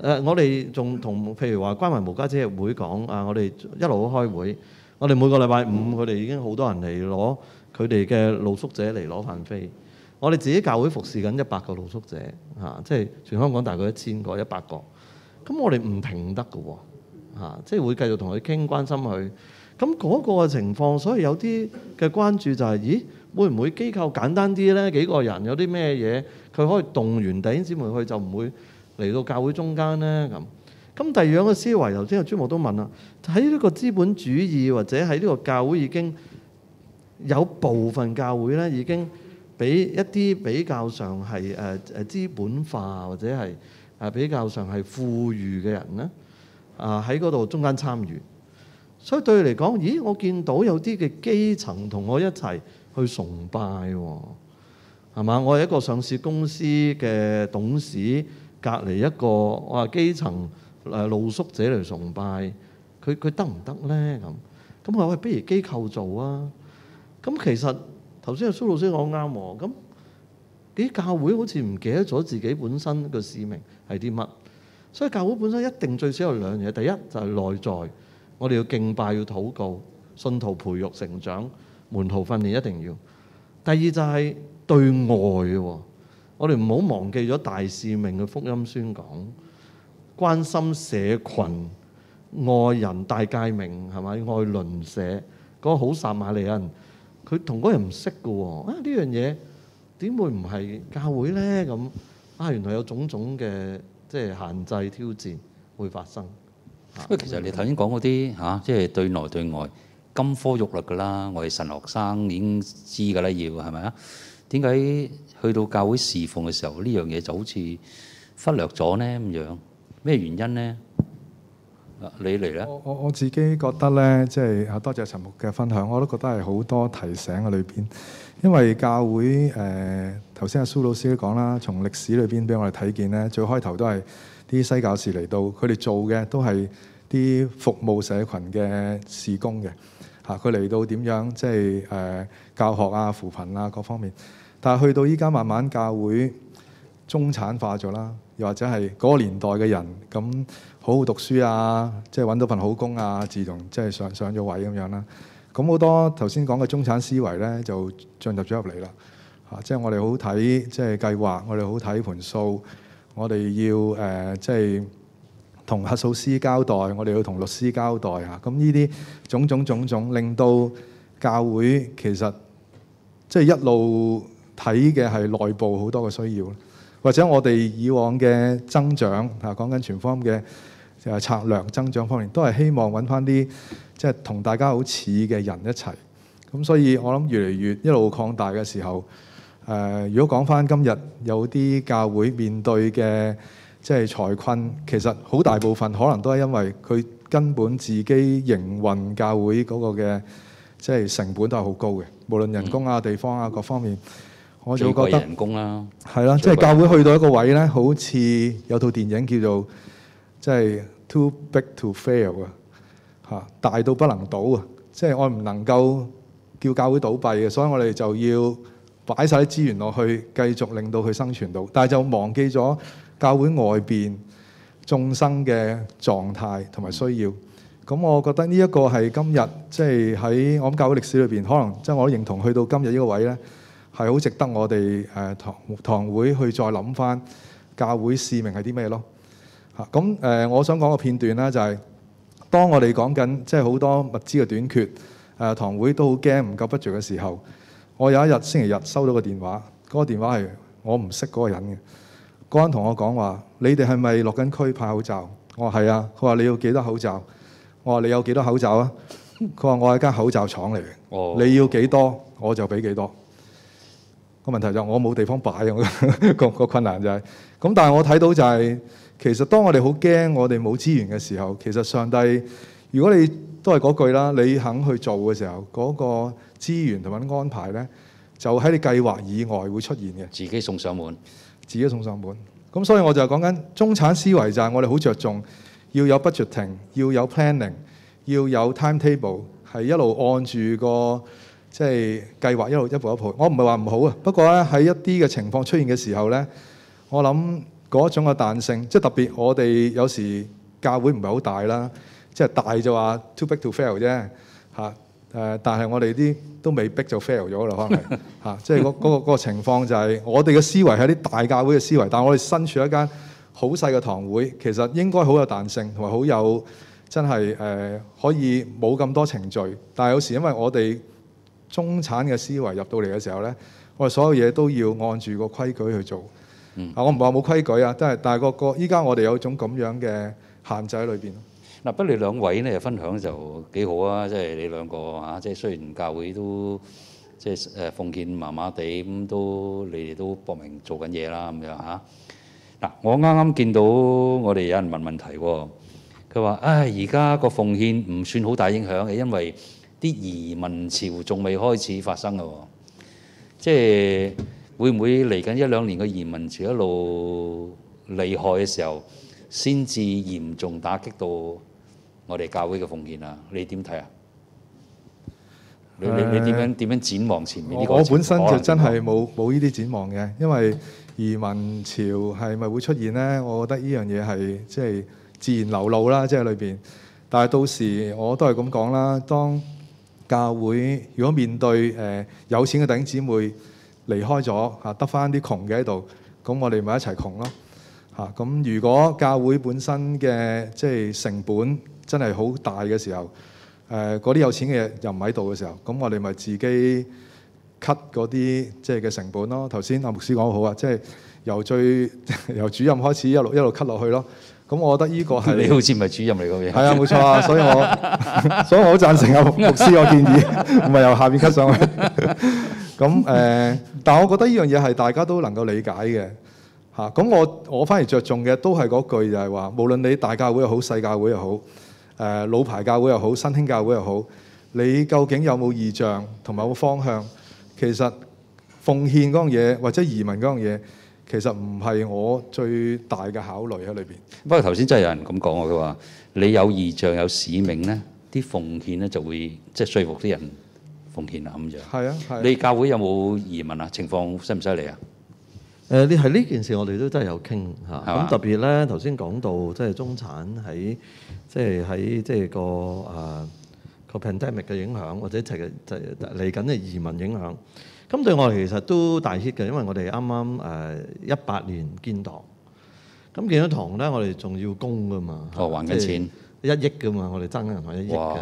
誒我哋仲同譬如話關懷無家者會講啊，我哋一路開會，我哋每個禮拜五佢哋已經好多人嚟攞。佢哋嘅露宿者嚟攞飯飛，我哋自己教會服侍緊一百個露宿者，嚇、啊，即係全香港大概一千個一百個，咁我哋唔停得嘅喎，即係會繼續同佢傾關心佢，咁嗰個情況，所以有啲嘅關注就係、是，咦，會唔會機構簡單啲呢？幾個人有啲咩嘢，佢可以動員弟兄姊妹去就唔會嚟到教會中間呢？咁。咁第二樣嘅思維，頭先阿朱牧都問啦，喺呢個資本主義或者喺呢個教會已經。有部分教會咧，已經俾一啲比較上係誒誒資本化或者係誒比較上係富裕嘅人咧啊，喺嗰度中間參與，所以對佢嚟講，咦？我見到有啲嘅基層同我一齊去崇拜，係嘛？我係一個上市公司嘅董事，隔離一個我話基層誒露宿者嚟崇拜，佢佢得唔得咧？咁咁我話、哎、不如機構做啊？咁其實頭先阿蘇老師講啱喎。咁啲教會好似唔記得咗自己本身嘅使命係啲乜，所以教會本身一定最少有兩樣嘢。第一就係內在，我哋要敬拜、要禱告、信徒培育成長、門徒訓練，一定要。第二就係對外，我哋唔好忘記咗大使命嘅福音宣講，關心社群、愛人大誡命係咪？愛鄰舍嗰個好撒瑪利亞人。佢同嗰人唔識噶喎啊！呢樣嘢點會唔係教會呢？咁啊，原來有種種嘅即係限制挑戰會發生。喂、啊，其實你頭先講嗰啲嚇，即係、啊、對內對外金科玉律噶啦，我哋神學生已經知噶啦，要係咪啊？點解去到教會侍奉嘅時候呢樣嘢就好似忽略咗呢咁樣？咩原因呢？你嚟咧，我我我自己覺得咧，即係多謝陳牧嘅分享，我都覺得係好多提醒嘅裏邊，因為教會誒頭先阿蘇老師都講啦，從歷史裏邊俾我哋睇見咧，最開頭都係啲西教士嚟到，佢哋做嘅都係啲服務社群嘅事工嘅，嚇，佢嚟到點樣即係誒、呃、教學啊、扶貧啊各方面，但係去到依家慢慢教會中產化咗啦，又或者係嗰個年代嘅人咁。好好讀書啊，即係揾到份好工啊，自動即係上上咗位咁樣啦。咁好多頭先講嘅中產思維咧，就進入咗入嚟啦。嚇，即係我哋好睇，即係計劃，我哋好睇盤數，我哋要誒，即係同核數師交代，我哋要同律師交代嚇。咁呢啲種種種種，令到教會其實即係一路睇嘅係內部好多嘅需要，或者我哋以往嘅增長嚇，講緊全方位嘅。又係策略增長方面，都係希望揾翻啲即係同大家好似嘅人一齊。咁所以我諗越越，我諗越嚟越一路擴大嘅時候，誒、呃，如果講翻今日有啲教會面對嘅即係財困，其實好大部分可能都係因為佢根本自己營運教會嗰個嘅即係成本都係好高嘅，無論人工啊、嗯、地方啊各方面。我就覺得人工啦、啊，係咯、啊，啊、即係教會去到一個位呢，好似有套電影叫做即係。Too big to fail 啊！吓，大到不能倒啊！即係我唔能夠叫教會倒閉嘅，所以我哋就要擺晒啲資源落去，繼續令到佢生存到。但係就忘記咗教會外邊眾生嘅狀態同埋需要。咁我覺得呢一個係今日即係喺我諗教會歷史裏邊可能即係我都認同去到今日呢個位咧，係好值得我哋誒、呃、堂堂會去再諗翻教會使命係啲咩咯？嚇咁誒，我想講個片段咧，就係當我哋講緊即係好多物資嘅短缺，誒堂會都好驚唔夠不著嘅時候，我有一日星期日收到個電話，嗰個電話係我唔識嗰個人嘅。嗰人同我講話，你哋係咪落緊區派口罩？我話係啊。佢話你要幾多口罩？我話你有幾多口罩啊？佢話我係間口罩廠嚟嘅，哦，你要幾多我就俾幾多。個問題就我冇地方擺，我個個困難就係咁。但係我睇到就係其實當我哋好驚我哋冇資源嘅時候，其實上帝，如果你都係嗰句啦，你肯去做嘅時候，嗰個資源同埋安排呢，就喺你計劃以外會出現嘅。自己送上門，自己送上門。咁所以我就講緊中產思維就係我哋好著重要有 budgeting，要有 planning，要有 timetable，係一路按住個。即係計劃一路一步一步，我唔係話唔好啊。不過咧，喺一啲嘅情況出現嘅時候咧，我諗嗰種嘅彈性，即係特別我哋有時教會唔係好大啦，即係大就話 too big to fail 啫嚇。誒，但係我哋啲都未逼就 fail 咗啦，可能嚇。即係嗰嗰個嗰個情況就係我哋嘅思維係一啲大教會嘅思維，但係我哋身處一間好細嘅堂會，其實應該好有彈性同埋好有真係誒可以冇咁多程序。但係有時因為我哋中產嘅思維入到嚟嘅時候咧，我哋所有嘢都要按住個規矩去做。啊，我唔話冇規矩啊，都係，但係個個依家我哋有種咁樣嘅限制喺裏邊。嗱，不嬲兩位咧，分享就幾好啊！即係你兩個嚇，即係雖然教會都即係誒奉獻麻麻地咁，都你哋都搏命做緊嘢啦咁樣嚇。嗱，我啱啱見到我哋有人問問題喎，佢話：唉，而家個奉獻唔算好大影響嘅，因為。啲移民潮仲未開始發生嘅，即係會唔會嚟緊一兩年嘅移民潮一路厲害嘅時候，先至嚴重打擊到我哋教會嘅奉獻啊？你點睇啊？你你你點樣點樣展望前面？我本身就真係冇冇呢啲展望嘅，因為移民潮係咪會出現呢？我覺得呢樣嘢係即係自然流露啦，即係裏邊。但係到時我都係咁講啦，當教會如果面對、呃、有錢嘅弟兄姊妹離開咗，嚇得翻啲窮嘅喺度，咁、啊、我哋咪一齊窮咯嚇。咁、啊、如果教會本身嘅即係成本真係好大嘅時候，嗰、呃、啲有錢嘅又唔喺度嘅時候，咁我哋咪自己 cut 嗰啲即係嘅成本咯。頭先阿牧師講好啊，即係由最由主任開始一路一路 cut 落去咯。咁我覺得呢個係你好似唔係主任嚟嘅嘢，係啊冇錯啊，所以我 所以我好贊成啊牧師嘅建議，唔係由下邊吸上去。咁 誒、呃，但係我覺得呢樣嘢係大家都能夠理解嘅嚇。咁、啊、我我反而着重嘅都係嗰句就係話，無論你大教會又好細教會又好，誒、呃、老牌教會又好新興教會又好，你究竟有冇異象同埋個方向？其實奉獻嗰樣嘢或者移民嗰樣嘢。其實唔係我最大嘅考慮喺裏邊。不過頭先真係有人咁講喎，佢話你有異象有使命呢？啲奉獻呢就會即係説服啲人奉獻啊咁樣。係啊，啊你教會有冇移民啊？情況犀唔犀利啊？誒、呃，你係呢件事我哋都真係有傾嚇。咁吧特別呢，頭先講到即係中產喺即係喺即係個誒、啊、個 pandemic 嘅影響，或者嚟緊嘅移民影響。咁對我嚟其實都大 hit 嘅，因為我哋啱啱誒一八年建堂，咁建咗堂咧，我哋仲要供㗎嘛，哦還緊錢一億㗎嘛，我哋爭緊銀行一億嘅。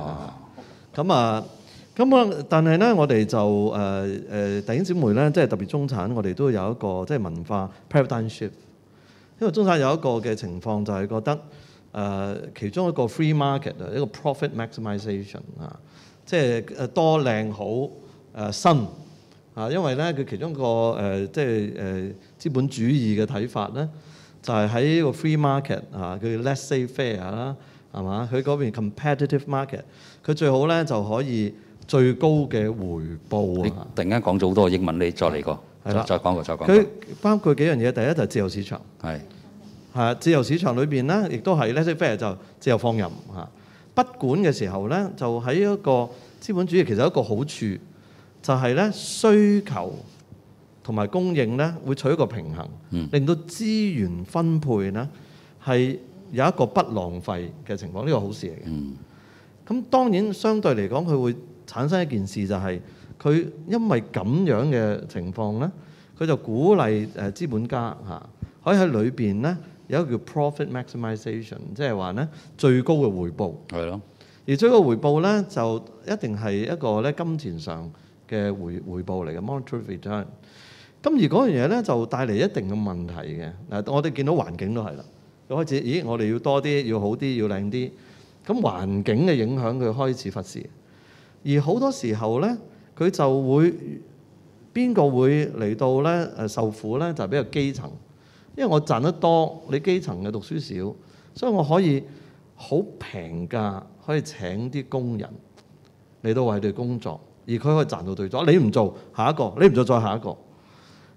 咁啊哇，咁我但係咧，我哋就誒誒、呃呃、弟兄姊妹咧，即係特別中產，我哋都有一個即係文化 paradigm shift，r v 因為中產有一個嘅情況就係覺得誒、呃、其中一個 free market 啊，一個 profit maximization 啊，即係誒多靚好誒、呃、新。啊，因為咧，佢其中一個誒，即係誒資本主義嘅睇法咧，就係喺個 free market 啊，佢 laissez-faire 啦，係嘛？佢嗰邊 competitive market，佢最好咧就可以最高嘅回報。你突然間講咗好多英文，你再嚟過，係啦的，再講過，再講過。佢包括幾樣嘢，第一就係自由市場，係係啊，自由市場裏邊咧，亦都係 laissez-faire 就自由放任嚇，不管嘅時候咧，就喺一個資本主義其實是一個好處。就係咧，需求同埋供應咧，會取一個平衡，令到資源分配咧係有一個不浪費嘅情況。呢個好事嚟嘅。嗯。咁當然相對嚟講，佢會產生一件事，就係佢因為咁樣嘅情況咧，佢就鼓勵誒資本家嚇可以喺裏邊咧有一個叫 profit maximization，即係話咧最高嘅回報係咯。而最高回報咧就一定係一個咧金錢上。嘅回回報嚟嘅 monetary return。咁而嗰樣嘢咧就帶嚟一定嘅問題嘅。嗱，我哋見到環境都係啦，就開始，咦，我哋要多啲，要好啲，要靚啲。咁環境嘅影響佢開始忽視，而好多時候咧，佢就會邊個會嚟到咧？誒，受苦咧就是，比較基層，因為我賺得多，你基層嘅讀書少，所以我可以好平價可以請啲工人嚟到為佢工作。而佢可以賺到對咗，你唔做下一個，你唔做再下一個。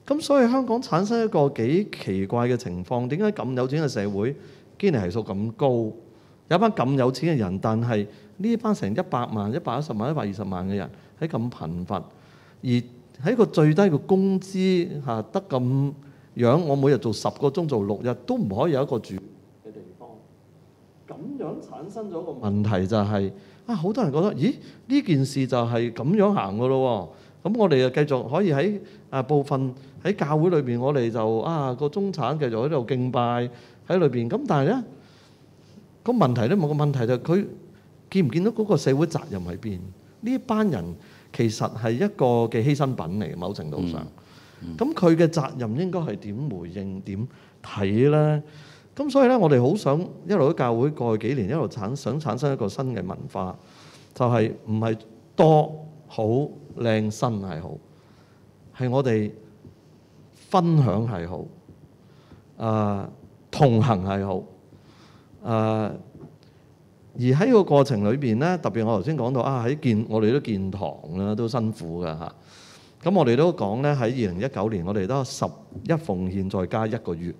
咁所以香港產生一個幾奇怪嘅情況，點解咁有錢嘅社會基尼係數咁高，有一班咁有錢嘅人，但係呢班成一百萬、一百一十萬、一百二十萬嘅人喺咁貧乏，而喺個最低嘅工資嚇得咁樣，我每日做十個鐘，做六日都唔可以有一個住嘅地方。咁樣產生咗個問題就係。啊！好多人覺得，咦？呢件事就係咁樣行噶咯喎。咁我哋就繼續可以喺啊部分喺教會裏邊，我哋就啊個中產繼續喺度敬拜喺裏邊。咁但係咧個問題咧，冇個問題就係佢見唔見到嗰個社會責任喺邊？呢一班人其實係一個嘅犧牲品嚟，某程度上。咁佢嘅責任應該係點回應、點睇咧？咁所以咧，我哋好想一路喺教會過去幾年，一路產想產生一個新嘅文化，就係唔係多好、靚新係好，係我哋分享係好，啊同行係好，啊而喺個過程裏邊咧，特別我頭先講到啊，喺建我哋都建堂啦，都辛苦㗎吓。咁我哋都講咧，喺二零一九年，我哋都十一奉獻再加一個月。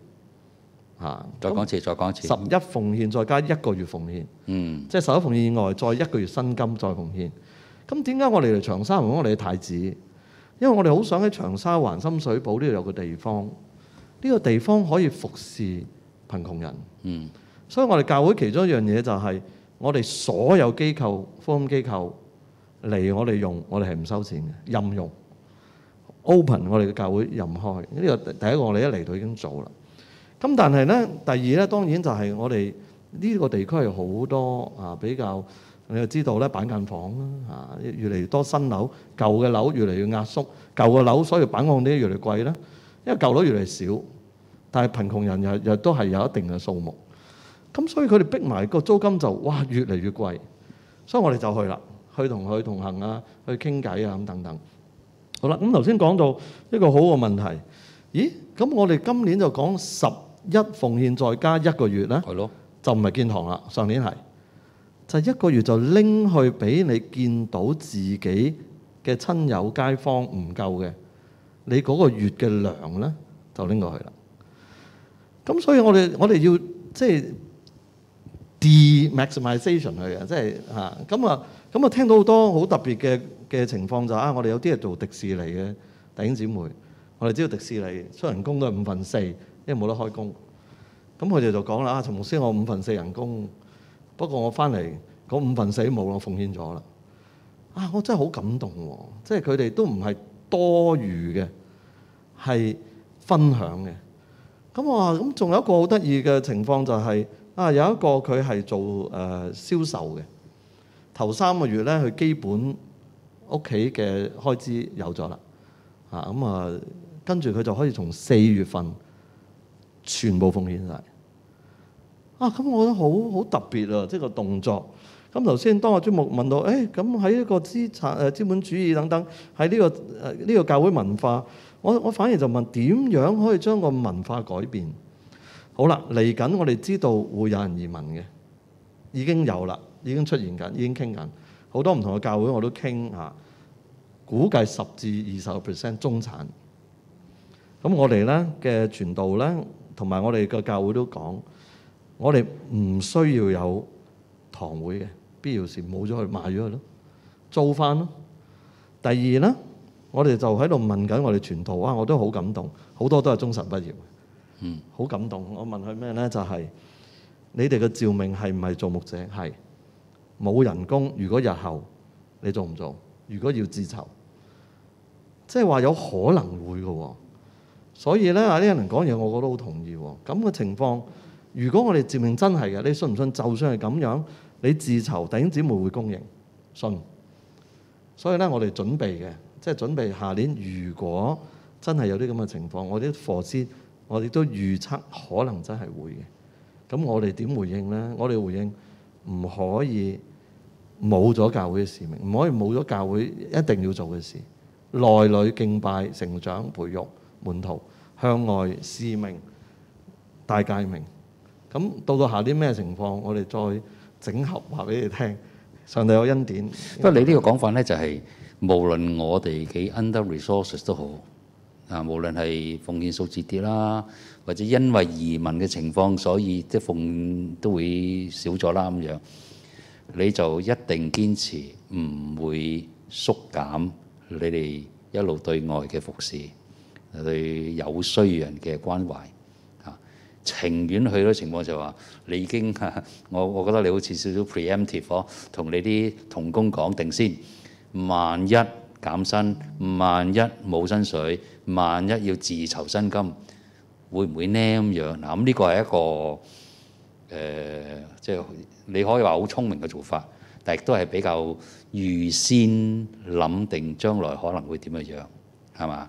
再講一次，那再講一次。十一奉獻，再加一個月奉獻。嗯。即係十一奉獻以外，再一個月薪金再奉獻。咁點解我哋嚟長沙灣唔我哋嘅太子，因為我哋好想喺長沙灣深水埗呢度有個地方，呢、這個地方可以服侍貧窮人。嗯。所以我哋教會其中一樣嘢就係、是，我哋所有機構福音機構嚟我哋用，我哋係唔收錢嘅，任用。Open 我哋嘅教會任開，呢、這個第一個我哋一嚟到已經做啦。咁但係咧，第二咧，當然就係我哋呢個地區係好多啊，比較你又知道咧，板間房啦，啊越嚟越多新樓，舊嘅樓越嚟越壓縮，舊嘅樓所以板間啲越嚟越貴啦。因為舊樓越嚟越少，但係貧窮人又又都係有一定嘅數目，咁所以佢哋逼埋個租金就哇越嚟越貴，所以我哋就去啦，去同佢同行啊，去傾偈啊咁等等。好啦，咁頭先講到一個好嘅問題，咦？咁我哋今年就講十。一奉獻再加一個月咧，就唔係建堂啦。上年係就一個月就拎去俾你，見到自己嘅親友街坊唔夠嘅，你嗰個月嘅糧咧就拎過去啦。咁所以我哋我哋要即係 de-maximization 佢嘅，即係啊咁啊咁啊聽到好多好特別嘅嘅情況就啊，我哋有啲係做迪士尼嘅弟兄姊妹，我哋知道迪士尼出人工都係五分四。因為冇得開工，咁佢哋就講啦：啊，陳牧師，我五份四人工，不過我翻嚟嗰五份四都冇啦，我奉獻咗啦。啊，我真係好感動喎，啊！即係佢哋都唔係多餘嘅，係分享嘅。咁我話：咁仲有一個好得意嘅情況就係、是、啊，有一個佢係做誒、呃、銷售嘅，頭三個月咧，佢基本屋企嘅開支有咗啦。啊，咁啊，跟住佢就可以從四月份。全部奉獻晒，啊！咁我覺得好好特別啊，即、這、係個動作。咁頭先當阿朱牧問到，誒咁喺呢個資產誒資本主義等等，喺呢、這個誒呢、這個教會文化，我我反而就問點樣可以將個文化改變？好啦，嚟緊我哋知道會有人移民嘅，已經有啦，已經出現緊，已經傾緊好多唔同嘅教會，我都傾吓。估計十至二十個 percent 中產。咁我哋咧嘅傳道咧。同埋我哋個教會都講，我哋唔需要有堂會嘅，必要時冇咗佢賣咗佢咯，租翻咯。第二咧，我哋就喺度問緊我哋傳道啊，我都好感動，好多都係中神畢業，嗯，好感動。我問佢咩咧，就係、是、你哋嘅召命係唔係做牧者？係冇人工，如果日後你做唔做？如果要自籌，即係話有可能會嘅喎。所以咧，阿李恩能講嘢，我覺得好同意咁、哦、嘅情況。如果我哋佔命真係嘅，你信唔信？就算係咁樣，你自籌弟兄姊妹會供應，信。所以咧，我哋準備嘅即係準備下年，如果真係有啲咁嘅情況，我啲牧師我哋都預測可能真係會嘅。咁我哋點回應咧？我哋回應唔可以冇咗教會嘅使命，唔可以冇咗教會一定要做嘅事，內裏敬拜、成長、培育。門徒向外使命，大界明，咁到到下啲咩情況，我哋再整合話俾你聽。上帝有恩典，不過你呢個講法咧，就係無論我哋幾 under resources 都好啊，無論係奉獻數字跌啦，或者因為移民嘅情況，所以即係奉獻都會少咗啦咁樣，你就一定堅持唔會縮減你哋一路對外嘅服侍。對有需要人嘅關懷、啊，情願去嗰情況就話：你已經，啊、我我覺得你好似少少 preemptive，同、啊、你啲同工講定先。萬一減薪，萬一冇薪水，萬一要自籌薪金，會唔會呢咁樣？嗱、啊，呢、嗯這個係一個誒，即、呃、係、就是、你可以話好聰明嘅做法，但亦都係比較預先諗定將來可能會點樣樣。係嘛？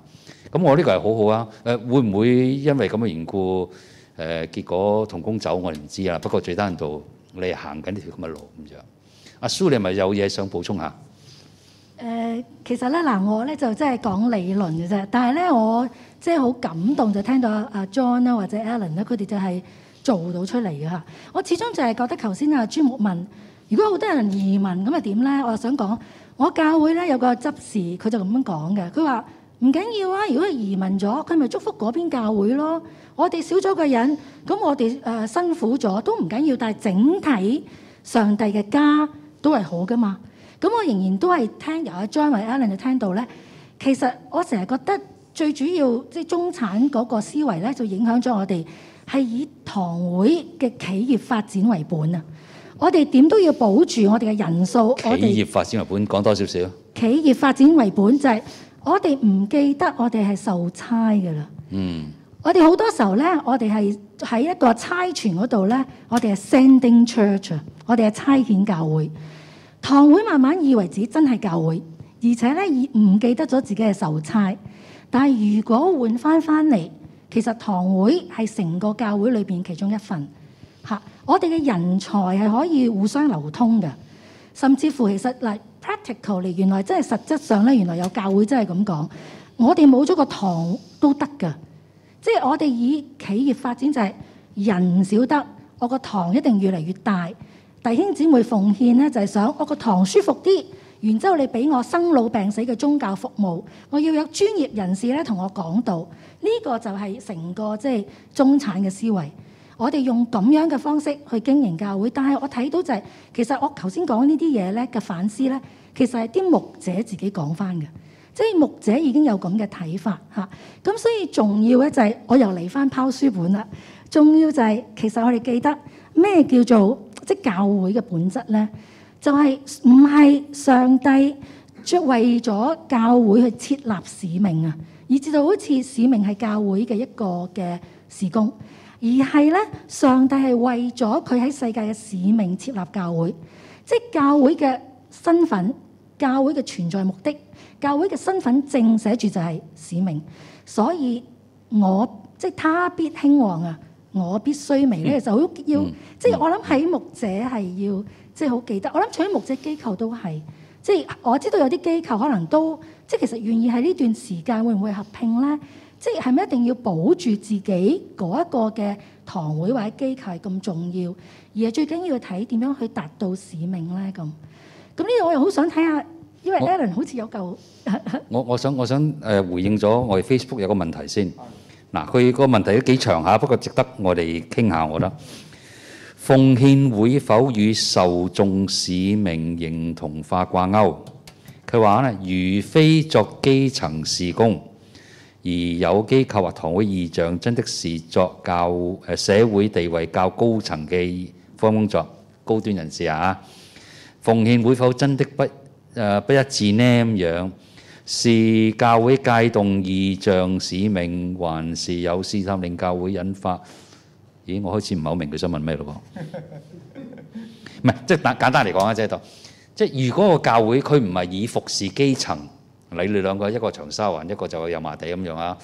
咁我呢個係好好啊！誒，會唔會因為咁嘅緣故誒、呃，結果同工走，我哋唔知啊。不過最緊要度你行緊呢條咁嘅路咁樣。阿蘇，你係咪有嘢想補充下？誒、呃，其實咧嗱，我咧就真係講理論嘅啫。但係咧，我即係好感動，就聽到阿、啊、John 咧或者 Alan 咧，佢哋就係做到出嚟嘅嚇。我始終就係覺得頭先阿朱牧問：如果好多人移民咁啊點咧？我係想講，我教會咧有個執事，佢就咁樣講嘅。佢話。唔緊要啊！如果佢移民咗，佢咪祝福嗰邊教會咯。我哋少咗個人，咁我哋誒辛苦咗都唔緊要，但係整體上帝嘅家都係好噶嘛。咁我仍然都係聽由阿 John 同 Alan、e、就聽到咧。其實我成日覺得最主要即係中產嗰個思維咧，就影響咗我哋係以堂會嘅企業發展為本啊！我哋點都要保住我哋嘅人數。企業發展為本講們多少少？企業發展為本就係、是。我哋唔記得我哋係受差嘅啦。嗯，我哋好多時候咧，我哋係喺一個差傳嗰度咧，我哋係 sending church 啊，我哋係差遣教會。堂會慢慢以為自己真係教會，而且咧亦唔記得咗自己係受差，但係如果換翻翻嚟，其實堂會係成個教會裏邊其中一份嚇。我哋嘅人才係可以互相流通嘅，甚至乎其實嗱。Practically，原來真係實質上咧，原來有教會真係咁講，我哋冇咗個堂都得㗎，即係我哋以企業發展就係人少得，我個堂一定越嚟越大。弟兄姊妹奉獻咧，就係想我個堂舒服啲，然之後你俾我生老病死嘅宗教服務，我要有專業人士咧同我講道，呢、這個就係成個即係中產嘅思維。我哋用咁樣嘅方式去經營教會，但係我睇到就係、是、其實我頭先講呢啲嘢咧嘅反思咧，其實係啲牧者自己講翻嘅，即係牧者已經有咁嘅睇法嚇。咁、啊、所以重要咧就係、是、我又嚟翻拋書本啦。重要就係、是、其實我哋記得咩叫做即係教會嘅本質咧？就係唔係上帝為咗教會去設立使命啊？以至到好似使命係教會嘅一個嘅事工，而係咧上帝係為咗佢喺世界嘅使命設立教會，即係教會嘅身份。教會嘅存在目的，教會嘅身份證寫住就係使命，所以我即係他必興旺啊！我必衰微咧 就好要，即係我諗喺牧者係要，即係好記得。我諗除咗牧者機構都係，即係我知道有啲機構可能都即係其實願意喺呢段時間會唔會合併咧？即係係咪一定要保住自己嗰一個嘅堂會或者機構係咁重要？而係最緊要睇點樣去達到使命咧咁。咁呢個我又好想睇下，因為 Alan 好似有嚿。我我想我想誒回應咗我哋 Facebook 有個問題先。嗱，佢個問題都幾長下，不過值得我哋傾下，我覺得。奉獻會否與受眾使命認同化掛鈎？佢話咧，如非作基層事工，而有機構或堂會議長真的是作教誒社會地位較高層嘅方工作，高端人士啊。奉獻會否真的不誒不一致呢？咁樣是教會界動異象使命，還是有私心令教會引發？咦，我開始唔係好明佢想問咩咯噃？唔係，即係簡單嚟講啊，即係當即係如果個教會佢唔係以服侍基層，你哋兩個一個長沙灣，一個就係油麻地咁樣啊，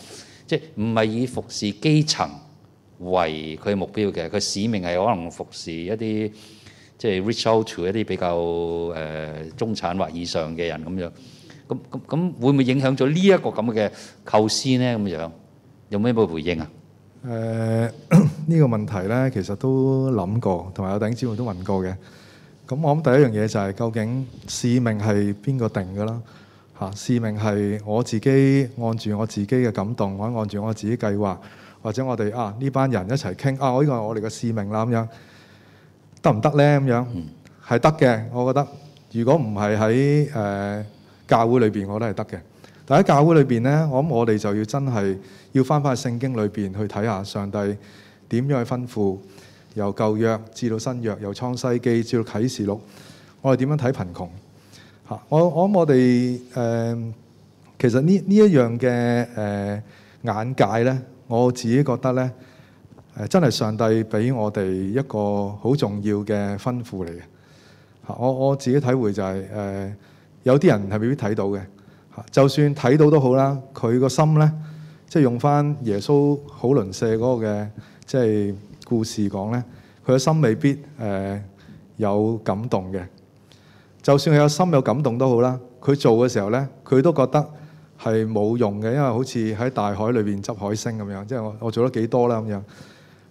即係唔係以服侍基層為佢目標嘅？佢使命係可能服侍一啲。即係 reach out to 一啲比較誒中產或以上嘅人咁樣，咁咁咁會唔會影響咗呢一個咁嘅構思咧？咁樣有咩嘅回應啊？誒呢個問題咧，其實都諗過，同埋有弟兄姊妹都問過嘅。咁我諗第一樣嘢就係究竟使命係邊個定㗎啦？嚇，使命係我自己按住我自己嘅感動，或者按住我自己計劃，或者我哋啊呢班人一齊傾啊，我呢個係我哋嘅使命啦咁樣。得唔得咧？咁樣係得嘅，我覺得。如果唔係喺誒教會裏邊，我都係得嘅。但喺教會裏邊咧，我諗我哋就要真係要翻翻去聖經裏邊去睇下上帝點樣去吩咐，由舊約至到新約，由創世記至到啟示錄，我哋點樣睇貧窮嚇？我我諗我哋誒、呃、其實呢呢一樣嘅誒、呃、眼界咧，我自己覺得咧。誒真係上帝俾我哋一個好重要嘅吩咐嚟嘅嚇，我我自己體會就係誒有啲人係未必睇到嘅嚇，就算睇到都好啦，佢個心咧，即係用翻耶穌好鄰舍嗰個嘅即係故事講咧，佢個心未必誒有感動嘅。就算佢有心有感動都好啦，佢做嘅時候咧，佢都覺得係冇用嘅，因為好似喺大海裏邊執海星咁樣，即係我我做得幾多啦咁樣。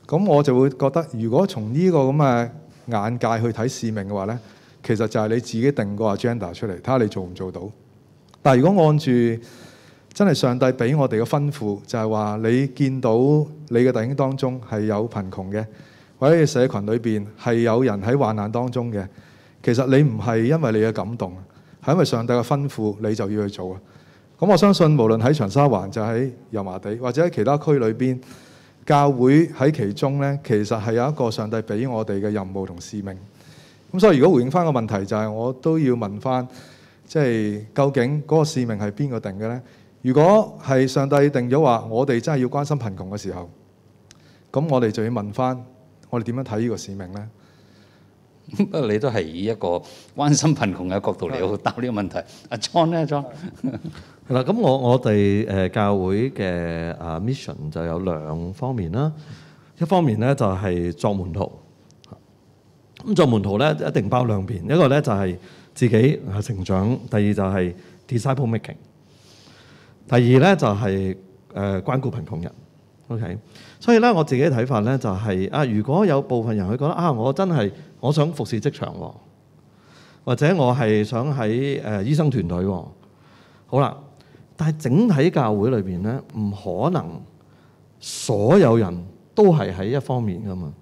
咁我就會覺得，如果從呢個咁嘅眼界去睇使命嘅話呢，其實就係你自己定個 agenda 出嚟，睇下你做唔做到。但係如果按住真係上帝俾我哋嘅吩咐，就係話你見到你嘅弟兄當中係有貧窮嘅，或者社群裏面係有人喺患難當中嘅，其實你唔係因為你嘅感動，係因為上帝嘅吩咐，你就要去做啊。咁我相信，無論喺長沙灣、就喺油麻地，或者喺其他區裏面。教會喺其中呢，其實係有一個上帝俾我哋嘅任務同使命。咁所以如果回應翻個問題，就係，就係我都要問翻，即、就、係、是、究竟嗰個使命係邊個定嘅呢？如果係上帝定咗話，我哋真係要關心貧窮嘅時候，咁我哋就要問翻，我哋點樣睇呢個使命呢？ 你都係以一個關心貧窮嘅角度嚟答呢個問題。阿的 John 呢？嗱，咁我我哋誒教會嘅啊 mission 就有兩方面啦，一方面咧就係作門徒，咁作門徒咧一定包兩邊，一個咧就係自己係成長，第二就係 disciple making，第二咧就係誒關顧貧窮人。OK，所以咧我自己嘅睇法咧就係啊，如果有部分人佢覺得啊，我真係我想服侍職場喎，或者我係想喺誒醫生團隊喎，好啦。但係，整體教會裏邊咧，唔可能所有人都係喺一方面噶嘛。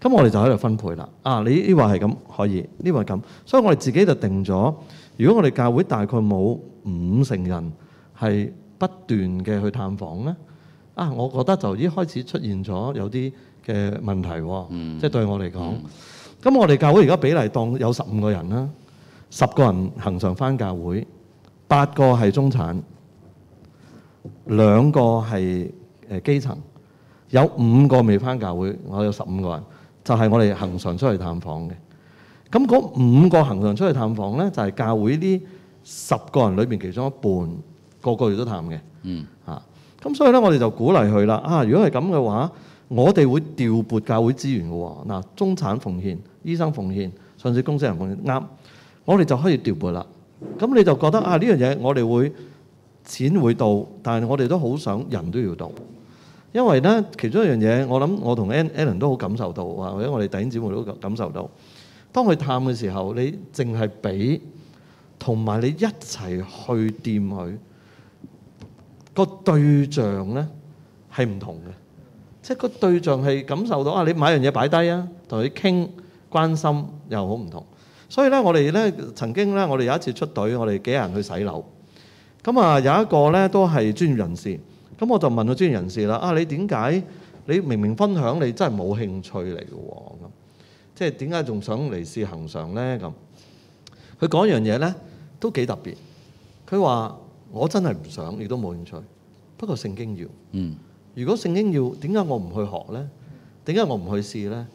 咁我哋就喺度分配啦。啊，你呢話係咁可以，呢話咁，所以我哋自己就定咗，如果我哋教會大概冇五成人係不斷嘅去探訪咧，啊，我覺得就已經開始出現咗有啲嘅問題。嗯，即係對我嚟講，咁、嗯、我哋教會而家比例當有十五個人啦，十個人恆常翻教會，八個係中產。兩個係誒基層，有五個未返教會，我有十五個人，就係、是、我哋恆常出去探訪嘅。咁嗰五個恆常出去探訪呢，就係、是、教會呢十個人裏面其中一半，個個月都探嘅。嗯，嚇、啊，咁所以呢，我哋就鼓勵佢啦。啊，如果係咁嘅話，我哋會調撥教會資源嘅喎。嗱、啊，中產奉獻，醫生奉獻，上市公司人奉獻，啱。我哋就可以調撥啦。咁你就覺得啊，呢樣嘢我哋會，錢會到，但係我哋都好想人都要到，因為呢其中一樣嘢，我諗我同 Alan 都好感受到，或者我哋弟兄姊妹都感受到，當佢探嘅時候，你淨係俾，同埋你一齊去掂佢個對象呢，係唔同嘅，即係個對象係感受到啊！你買樣嘢擺低啊，同佢傾關心又好唔同，所以呢，我哋呢曾經呢，我哋有一次出隊，我哋幾人去洗樓。咁啊，有一個咧都係專業人士，咁我就問個專業人士啦，啊你點解你明明分享你真係冇興趣嚟㗎喎？咁即係點解仲想嚟試行常咧？咁佢講一樣嘢咧都幾特別，佢話我真係唔想，亦都冇興趣，不過聖經要。嗯，如果聖經要，點解我唔去學咧？點解我唔去試咧？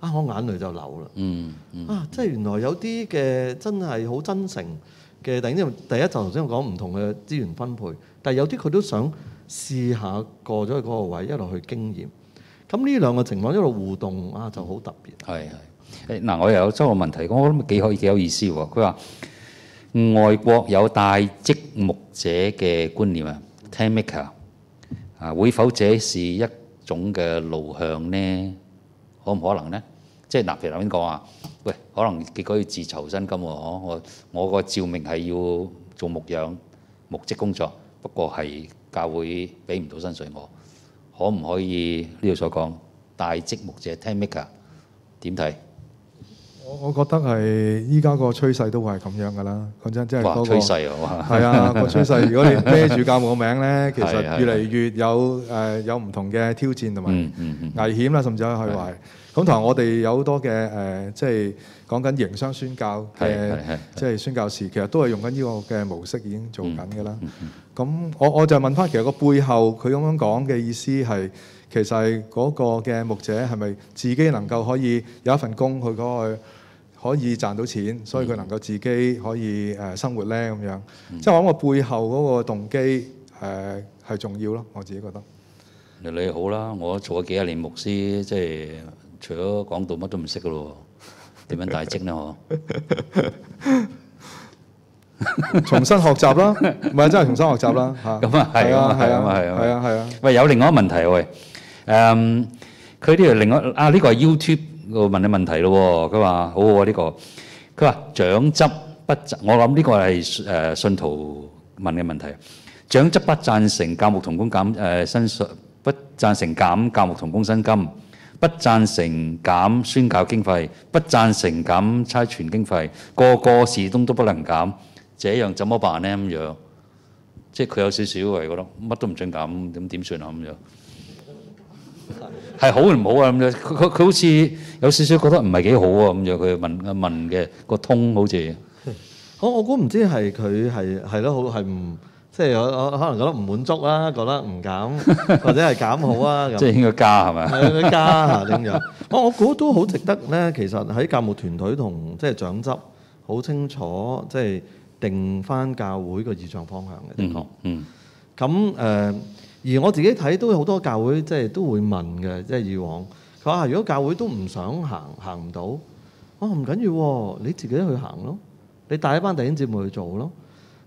啊，我眼淚就流啦。嗯。嗯啊，即係原來有啲嘅真係好真誠。嘅，第一就頭先我講唔同嘅資源分配，但係有啲佢都想試下，過咗嗰個位一路去經驗。咁呢兩個情況一路互動啊，就好特別。係係誒嗱，我又有周個問題，我覺得幾可以幾有意思喎。佢話外國有帶積木者嘅觀念啊，Tentmaker 啊，會否這是一種嘅路向呢？可唔可能呢？即係嗱，譬如頭先講話，喂，可能結果要自籌薪金喎，我我個召命係要做牧養牧職工作，不過係教會俾唔到薪水，我可唔可以呢度所講帶職牧者 Timika 點睇？我我覺得係依家個趨勢都會係咁樣噶啦。講真，即係個話趨勢啊嘛。係啊，個趨勢。如果你孭住教個名咧，其實越嚟越有誒有唔同嘅挑戰同埋危險啦，甚至可以話。咁同埋我哋有好多嘅誒，即係講緊營商宣教嘅，即係宣教師，其實都係用緊呢個嘅模式，已經做緊嘅啦。咁我我就問翻，其實個背後佢咁樣講嘅意思係，其實係嗰個嘅牧者係咪自己能夠可以有一份工去嗰個可以賺到錢，所以佢能夠自己可以誒生活咧咁樣？即係我諗個背後嗰個動機誒係重要咯，我自己覺得。你你好啦，我做咗幾十年牧師，即係。除咗講道，乜都唔識噶咯，點樣大職咧？我，重新學習啦，咪真係重新學習啦嚇。咁啊，係啊，係啊，係啊，係啊。喂，有另外一個問題喎，誒，佢呢度另外啊，呢個係 YouTube 個問嘅問題咯。佢話好喎呢個，佢話長執不執？我諗呢個係誒信徒問嘅問題。長執不贊成教牧同工減誒薪水，不贊成減教牧同工薪金。不贊成減宣教經費，不贊成減差傳經費，個個事東都不能減，這樣怎麼辦呢？咁樣即係佢有少少係覺得乜都唔準減，咁點算啊？咁樣係好唔好啊？咁樣佢佢佢好似有少少覺得唔係幾好啊？咁樣佢問問嘅個通好似我我估唔知係佢係係咯，好係唔？即係我我可能覺得唔滿足啦，覺得唔減或者係減好啊咁。即係應該加係咪？加咁樣，我我估都好值得咧。其實喺教務團隊同即係長執，好清楚即係定翻教會個異象方向嘅。嗯嗯。咁誒，而我自己睇都有好多教會即係都會問嘅，即係以往佢話：如果教會都唔想行，行唔到，哦唔緊要，你自己去行咯，你帶一班弟兄姊妹去做咯。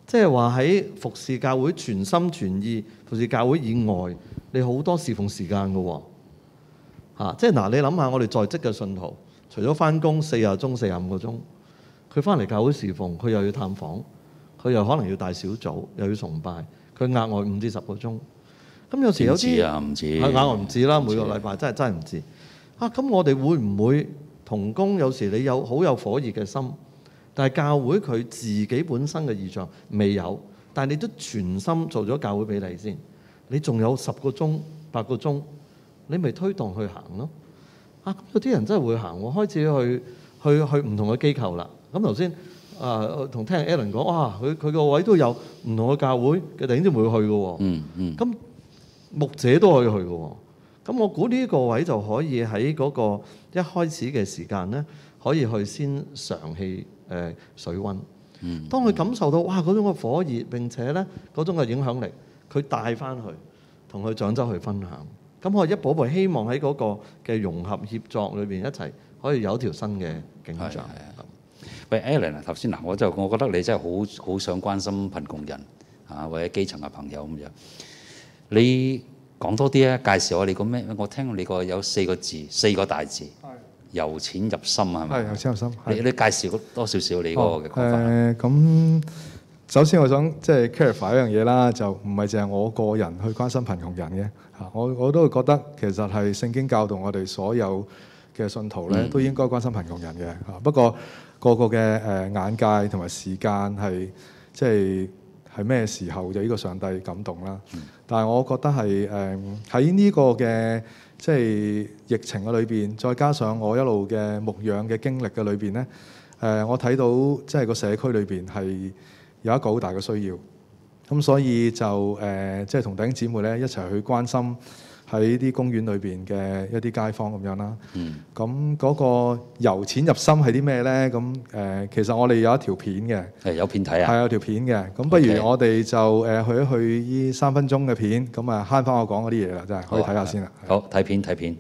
即係話喺服侍教會，全心全意服侍教會以外，你好多侍奉時間嘅喎，嚇！即係嗱，你諗下，我哋在職嘅信徒，除咗返工四十鐘、四十五個鐘，佢返嚟教會侍奉，佢又要探訪，佢又可能要帶小組，又要崇拜，佢額外五至十個鐘。咁有時有啲唔止啊，唔止，額外唔止啦，每個禮拜真係真係唔止。啊，咁我哋會唔會同工？有時你有好有火熱嘅心。但係教會佢自己本身嘅意象未有，但係你都全心做咗教會俾你先，你仲有十個鐘、八個鐘，你咪推動去行咯啊！有啲人真係會行，開始去去去唔同嘅機構啦。咁頭先啊，同聽 Allen 講，哇，佢佢個位都有唔同嘅教會佢突然都會去嘅、嗯，嗯嗯。咁牧者都可以去嘅，咁我估呢個位就可以喺嗰個一開始嘅時間咧，可以去先嘗試。誒水溫，當佢感受到哇嗰種嘅火熱，並且咧嗰種嘅影響力，佢帶翻去同佢長洲去分享，咁我一步一步希望喺嗰個嘅融合協作裏邊一齊可以有條新嘅景象。係呀。喂，Allen 啊，頭先嗱，我就樣我覺得你真係好好想關心貧窮人啊，或者基層嘅朋友咁樣，你講多啲啊，介紹下你個咩？我聽你個有四個字，四個大字。由淺入深啊，係咪？係由淺入深。由入深你是你，你介紹多少少你嗰個咁，哦呃，首先我想即係 clarify 一樣嘢啦，就唔係淨係我個人去關心貧窮人嘅。嚇，我我都會覺得其實係聖經教導我哋所有嘅信徒咧，都應該關心貧窮人嘅。嚇、嗯嗯，不過個個嘅誒眼界同埋時間係即係係咩時候就呢個上帝感動啦。嗯、但係我覺得係誒喺呢個嘅。即係疫情嘅裏邊，再加上我一路嘅牧養嘅經歷嘅裏邊咧，誒，我睇到即係個社區裏邊係有一個好大嘅需要，咁所以就誒，即係同弟兄姊妹咧一齊去關心。喺啲公園裏邊嘅一啲街坊咁樣啦，嗯，咁嗰個由淺入深係啲咩呢？咁誒，其實我哋有一條片嘅，係有片睇啊，係有條片嘅。咁不如我哋就誒去一去呢三分鐘嘅片，咁啊慳翻我講嗰啲嘢啦，真係可以睇下先啦。好，睇片睇片。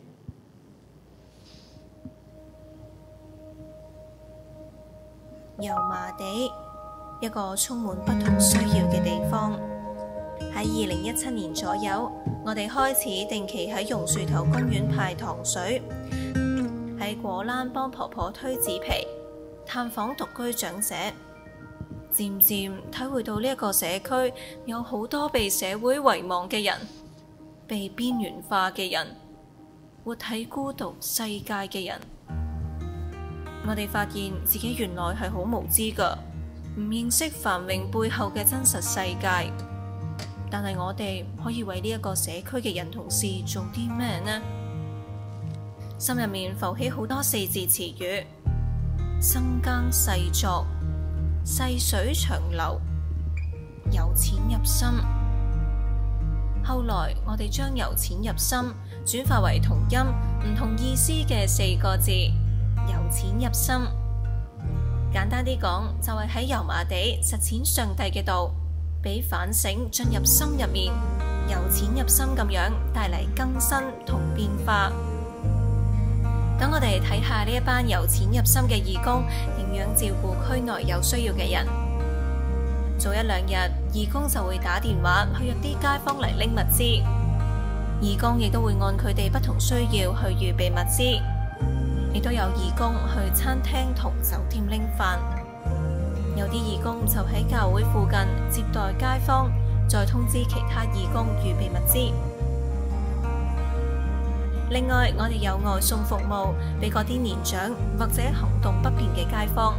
油麻地一個充滿不同需要嘅地方。喺二零一七年左右，我哋開始定期喺榕樹頭公園派糖水，喺果欄幫婆婆推紙皮，探訪獨居長者，漸漸體會到呢一個社區有好多被社會遺忘嘅人，被邊緣化嘅人，活喺孤獨世界嘅人。我哋發現自己原來係好無知㗎，唔認識繁榮背後嘅真實世界。但係我哋可以為呢一個社區嘅人同事做啲咩呢？心入面浮起好多四字詞語：深耕細作、細水長流、由淺入深。後來我哋將由淺入深轉化為同音唔同意思嘅四個字：由淺入深。簡單啲講，就係、是、喺油麻地實踐上帝嘅道。俾反省進入心入面，由淺入深咁樣帶嚟更新同變化。等我哋睇下呢一班由淺入深嘅義工點樣照顧區內有需要嘅人。早一兩日，義工就會打電話去約啲街坊嚟拎物資。義工亦都會按佢哋不同需要去預備物資。亦都有義工去餐廳同酒店拎飯。有啲義工就喺教會附近接待街坊，再通知其他義工預備物資。另外，我哋有外送服務，俾嗰啲年長或者行動不便嘅街坊。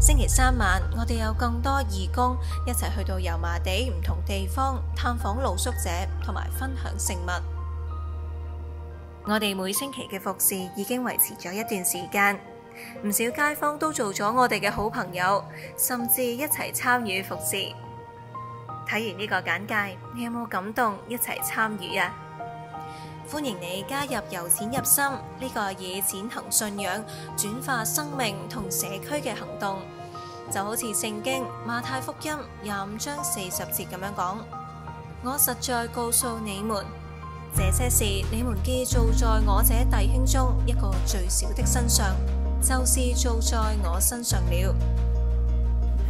星期三晚，我哋有更多義工一齊去到油麻地唔同地方探訪露宿者，同埋分享食物。我哋每星期嘅服侍已經維持咗一段時間。唔少街坊都做咗我哋嘅好朋友，甚至一齊參與服侍。睇完呢個簡介，你有冇感動一齊參與啊？歡迎你加入由錢入心呢個以錢行信仰轉化生命同社區嘅行動，就好似聖經馬太福音廿五章四十節咁樣講：我實在告訴你們，這些事你們既做在我這弟兄中一個最小的身上。就是做在我身上了。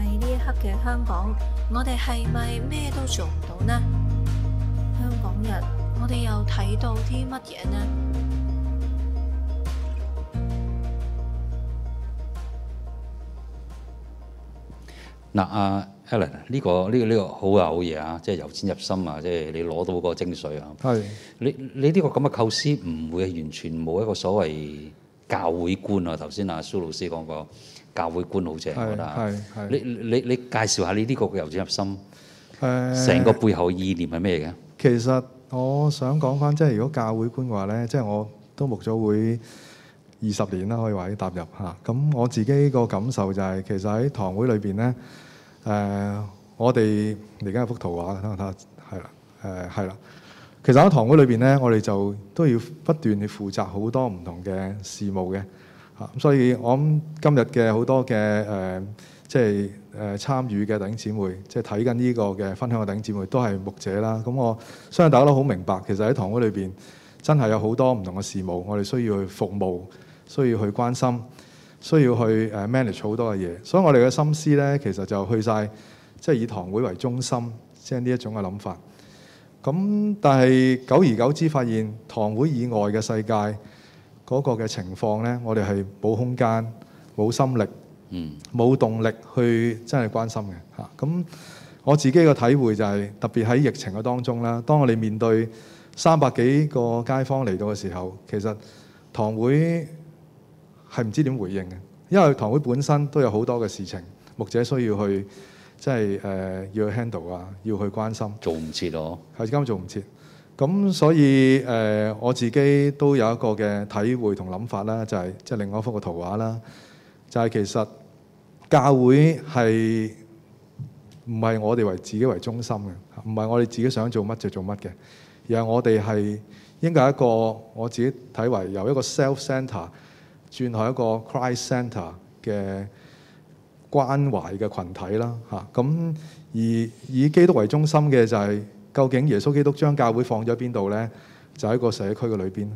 喺呢一刻嘅香港，我哋係咪咩都做唔到呢？香港人，我哋又睇到啲乜嘢呢？嗱，阿 Alan，呢個呢個呢個好啊，好嘢啊！即係由淺入深啊！即係你攞到個精髓啊！係你你呢個咁嘅構思，唔會係完全冇一個所謂。教會觀啊，頭先啊蘇老師講過教會觀好正，我覺得。你你你介紹下你呢個入錢入心，成個背後意念係咩嘅？其實我想講翻，即係如果教會觀嘅話咧，即係我都牧咗會二十年啦，可以話已踏入嚇。咁我自己個感受就係，其實喺堂會裏邊咧，誒，我哋而家有幅圖畫，睇下睇下，係啦，誒，係啦。其實喺堂會裏邊咧，我哋就都要不斷去負責好多唔同嘅事務嘅，嚇。所以我諗今日嘅好多嘅誒、呃，即係誒參與嘅弟兄姊妹，即係睇緊呢個嘅分享嘅弟兄姊妹，都係牧者啦。咁我相信大家都好明白，其實喺堂會裏邊真係有好多唔同嘅事務，我哋需要去服務，需要去關心，需要去誒 manage 好多嘅嘢。所以我哋嘅心思咧，其實就去晒，即係以堂會為中心，即係呢一種嘅諗法。咁但係久而久之，發現堂會以外嘅世界嗰個嘅情況咧，我哋係冇空間、冇心力、冇動力去真係關心嘅嚇。咁我自己嘅體會就係特別喺疫情嘅當中啦，當我哋面對三百幾個街坊嚟到嘅時候，其實堂會係唔知點回應嘅，因為堂會本身都有好多嘅事情，牧者需要去。即係誒要去 handle 啊，要去關心，做唔切咯，係根本做唔切。咁所以誒、呃，我自己都有一個嘅體會同諗法啦，就係即係另外一幅嘅圖畫啦，就係、是、其實教會係唔係我哋為自己為中心嘅，唔係我哋自己想做乜就做乜嘅，而係我哋係應該有一個我自己睇為由一個 self center 轉轉一個 Christ center 嘅。關懷嘅羣體啦，吓，咁而以基督為中心嘅就係究竟耶穌基督將教會放咗邊度咧？就喺個社區嘅裏邊。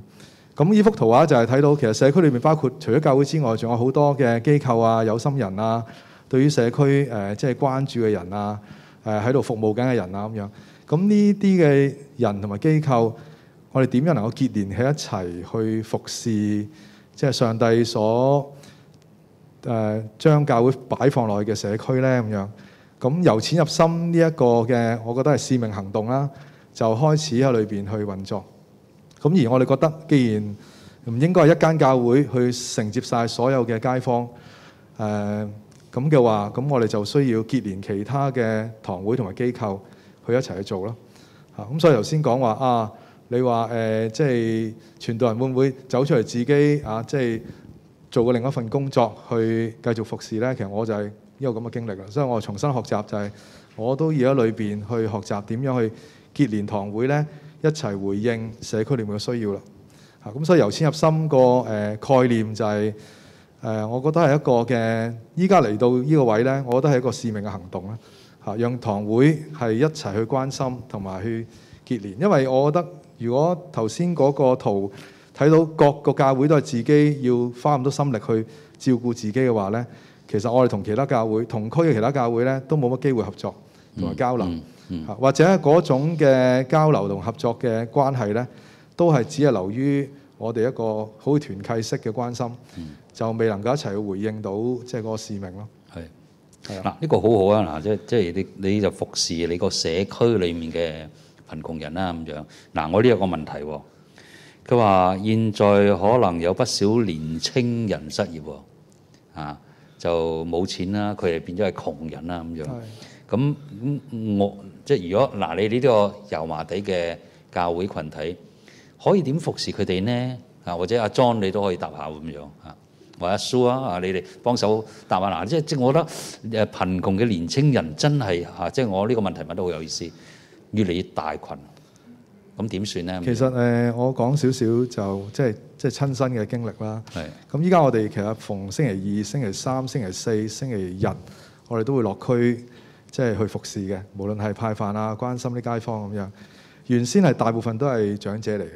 咁呢幅圖畫就係睇到其實社區裏面包括除咗教會之外，仲有好多嘅機構啊、有心人啊，對於社區誒即係關注嘅人啊，誒喺度服務緊嘅人啊咁樣。咁呢啲嘅人同埋機構，我哋點樣能夠結連喺一齊去服侍，即係上帝所誒將教會擺放落去嘅社區咧，咁樣咁由淺入深呢一個嘅，我覺得係使命行動啦，就開始喺裏邊去運作。咁而我哋覺得，既然唔應該係一間教會去承接晒所有嘅街坊誒咁嘅話，咁我哋就需要結連其他嘅堂會同埋機構去一齊去做囉。嚇、啊、咁所以頭先講話啊，你話誒即係傳道人會唔會走出嚟自己啊即係？就是做過另一份工作去繼續服侍咧，其實我就係依個咁嘅經歷啦，所以我重新學習就係我都要喺裏邊去學習點樣去結連堂會咧，一齊回應社區裏面嘅需要啦。嚇咁所以由淺入深個誒概念就係誒，我覺得係一個嘅依家嚟到依個位咧，我覺得係一個使命嘅行動啦。嚇，讓堂會係一齊去關心同埋去結連，因為我覺得如果頭先嗰個圖，睇到各個教會都係自己要花咁多心力去照顧自己嘅話咧，其實我哋同其他教會、同區嘅其他教會咧，都冇乜機會合作同埋交流，或者嗰種嘅交流同合作嘅關係咧，都係只係流於我哋一個好團契式嘅關心，就未能夠一齊去回應到即係嗰個使命咯。係係啊，嗱呢個好好啊，嗱即係即係你你就服侍你個社區裡面嘅貧窮人啦咁樣。嗱我呢有個問題喎。佢話：現在可能有不少年青人失業，啊就冇錢啦，佢哋變咗係窮人啦咁樣。咁咁對 我即係如果嗱、啊，你呢個油麻地嘅教會群體可以點服侍佢哋呢？啊，或者阿莊你都可以答下咁樣啊，或者阿蘇啊，你哋幫手答下嗱、啊。即係即係我覺得誒貧窮嘅年青人真係啊，即係我呢個問題問得好有意思，越嚟越大群。咁點算咧？呢其實誒、呃，我講少少就即係即係親身嘅經歷啦。係是。咁依家我哋其實逢星期二、星期三、星期四、星期日，我哋都會落區即係、就是、去服侍嘅，無論係派飯啊、關心啲街坊咁樣。原先係大部分都係長者嚟嘅，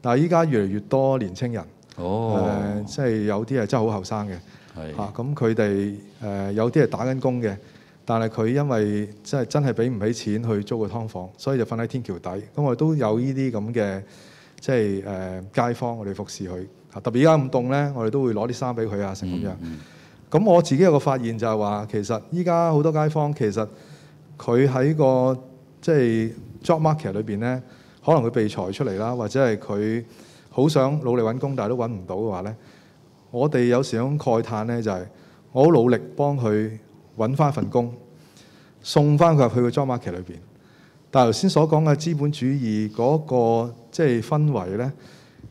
但係依家越嚟越多年青人。哦。即係、呃就是、有啲係真係好後生嘅。係是。嚇、啊！咁佢哋誒有啲係打緊工嘅。但係佢因為即係真係俾唔起錢去租個劏房，所以就瞓喺天橋底。咁我哋都有呢啲咁嘅即係、呃、街坊我哋服侍佢。特別而家咁凍咧，我哋都會攞啲衫俾佢啊，成咁樣。咁、嗯嗯、我自己有個發現就係話，其實依家好多街坊其實佢喺個即係 job market 裏面咧，可能會被裁出嚟啦，或者係佢好想努力揾工，但係都揾唔到嘅話咧，我哋有時想慨嘆咧，就係、是、我好努力幫佢。揾翻份工，送翻佢入去個 job market 裏面。但係頭先所講嘅資本主義嗰個即係氛圍咧，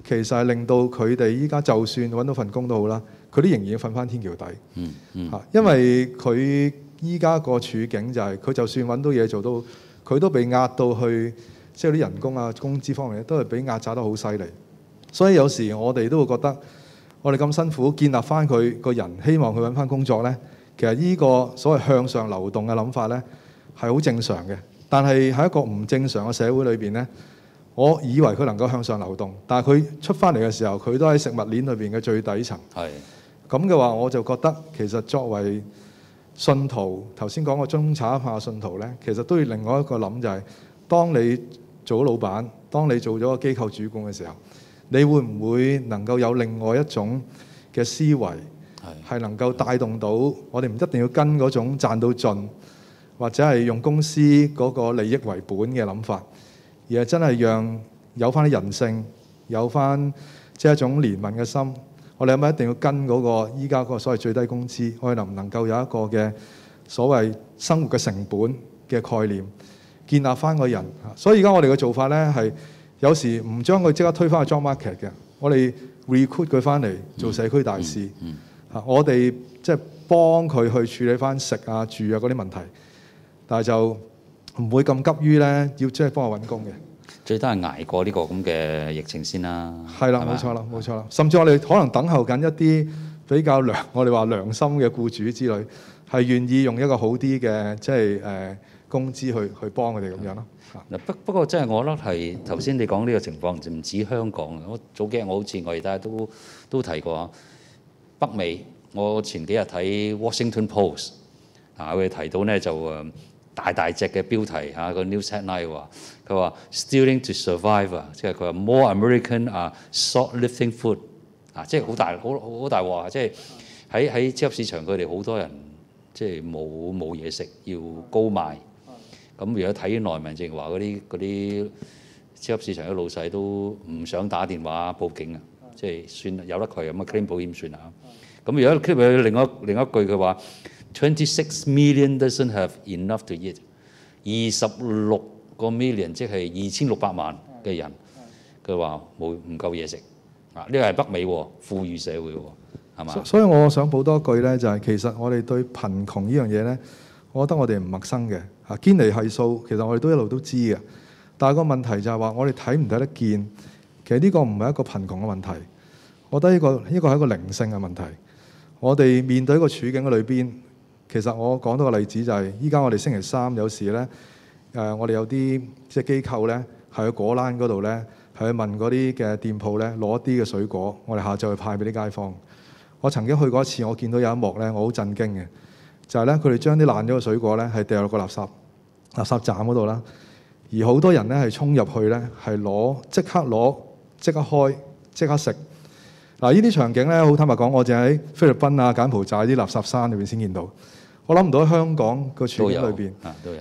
其實係令到佢哋依家就算揾到份工都好啦，佢都仍然要瞓翻天橋底。嗯嗯。吓，因為佢依家個處境就係、是、佢就算揾到嘢做到，佢都被壓到去，即係啲人工啊、工資方面咧，都係俾壓榨得好犀利。所以有時我哋都會覺得，我哋咁辛苦建立翻佢個人，希望佢揾翻工作咧，其實呢個所謂向上流動嘅諗法呢，係好正常嘅。但係喺一個唔正常嘅社會裏邊呢，我以為佢能夠向上流動，但係佢出翻嚟嘅時候，佢都喺食物鏈裏邊嘅最底層。係咁嘅話，我就覺得其實作為信徒，頭先講個中產化信徒呢，其實都要另外一個諗就係：當你做咗老闆，當你做咗個機構主管嘅時候，你會唔會能夠有另外一種嘅思維？係能夠帶動到我哋唔一定要跟嗰種賺到盡，或者係用公司嗰個利益為本嘅諗法，而係真係讓有翻啲人性，有翻即係一種憐憫嘅心。我哋係咪一定要跟嗰個依家嗰個所謂最低工資？我哋能唔能夠有一個嘅所謂生活嘅成本嘅概念，建立翻個人？所以而家我哋嘅做法呢，係，有時唔將佢即刻推翻去 job market 嘅，我哋 recruit 佢翻嚟做社區大使。嗯嗯嗯我哋即係幫佢去處理翻食啊、住啊嗰啲問題，但係就唔會咁急於咧，要即係幫佢揾工嘅。最多係捱過呢個咁嘅疫情先啦。係啦的，冇錯啦，冇錯啦。甚至我哋可能等候緊一啲比較良，我哋話良心嘅僱主之類，係願意用一個好啲嘅即係誒工資去去幫佢哋咁樣咯。嗱吧是不不過即係我覺得係頭先你講呢個情況，唔止香港。我早幾日我好似我而家都都提過啊。北美，我前幾日睇 Washington Post，嗱、啊、佢提到咧就誒大大隻嘅標題嚇個 News Headline 話，佢話 Stealing to survive 啊，即係佢話 More American a、uh, shoplifting food，啊即係好大好好好大鑊，即係喺喺超級市場佢哋好多人即係冇冇嘢食要高賣，咁、mm hmm. 啊、如果睇內文淨話嗰啲啲超級市場嘅老細都唔想打電話報警、mm hmm. 啊，即係算有得佢咁、mm hmm. 啊 claim 保險算啦。咁如果 keep 佢另一另一句，佢話 twenty six million doesn't have enough to eat，二十六個 million 即係二千六百萬嘅人，佢話冇唔夠嘢食啊！呢個係北美富裕社會，係嘛？所以我想補多一句咧，就係其實我哋對貧窮呢樣嘢咧，我覺得我哋唔陌生嘅啊。堅尼係數其實我哋都一路都知嘅，但係個問題就係話我哋睇唔睇得見？其實呢個唔係一個貧窮嘅問題，我覺得呢個呢個係一個靈性嘅問題。我哋面對一個處境嘅裏邊，其實我講到個例子就係、是，依家我哋星期三有時、呃、有呢，誒我哋有啲即係機構咧，係去果欄嗰度呢，係去問嗰啲嘅店鋪呢，攞啲嘅水果，我哋下晝去派俾啲街坊。我曾經去過一次，我見到有一幕呢，我好震驚嘅，就係、是、呢，佢哋將啲爛咗嘅水果呢，係掉落個垃圾垃圾站嗰度啦，而好多人呢，係衝入去呢，係攞即刻攞即刻開即刻食。嗱，呢啲場景咧，好坦白講，我淨係喺菲律賓啊、柬埔寨啲垃圾山裏面先見到。我諗唔到喺香港個處境裏邊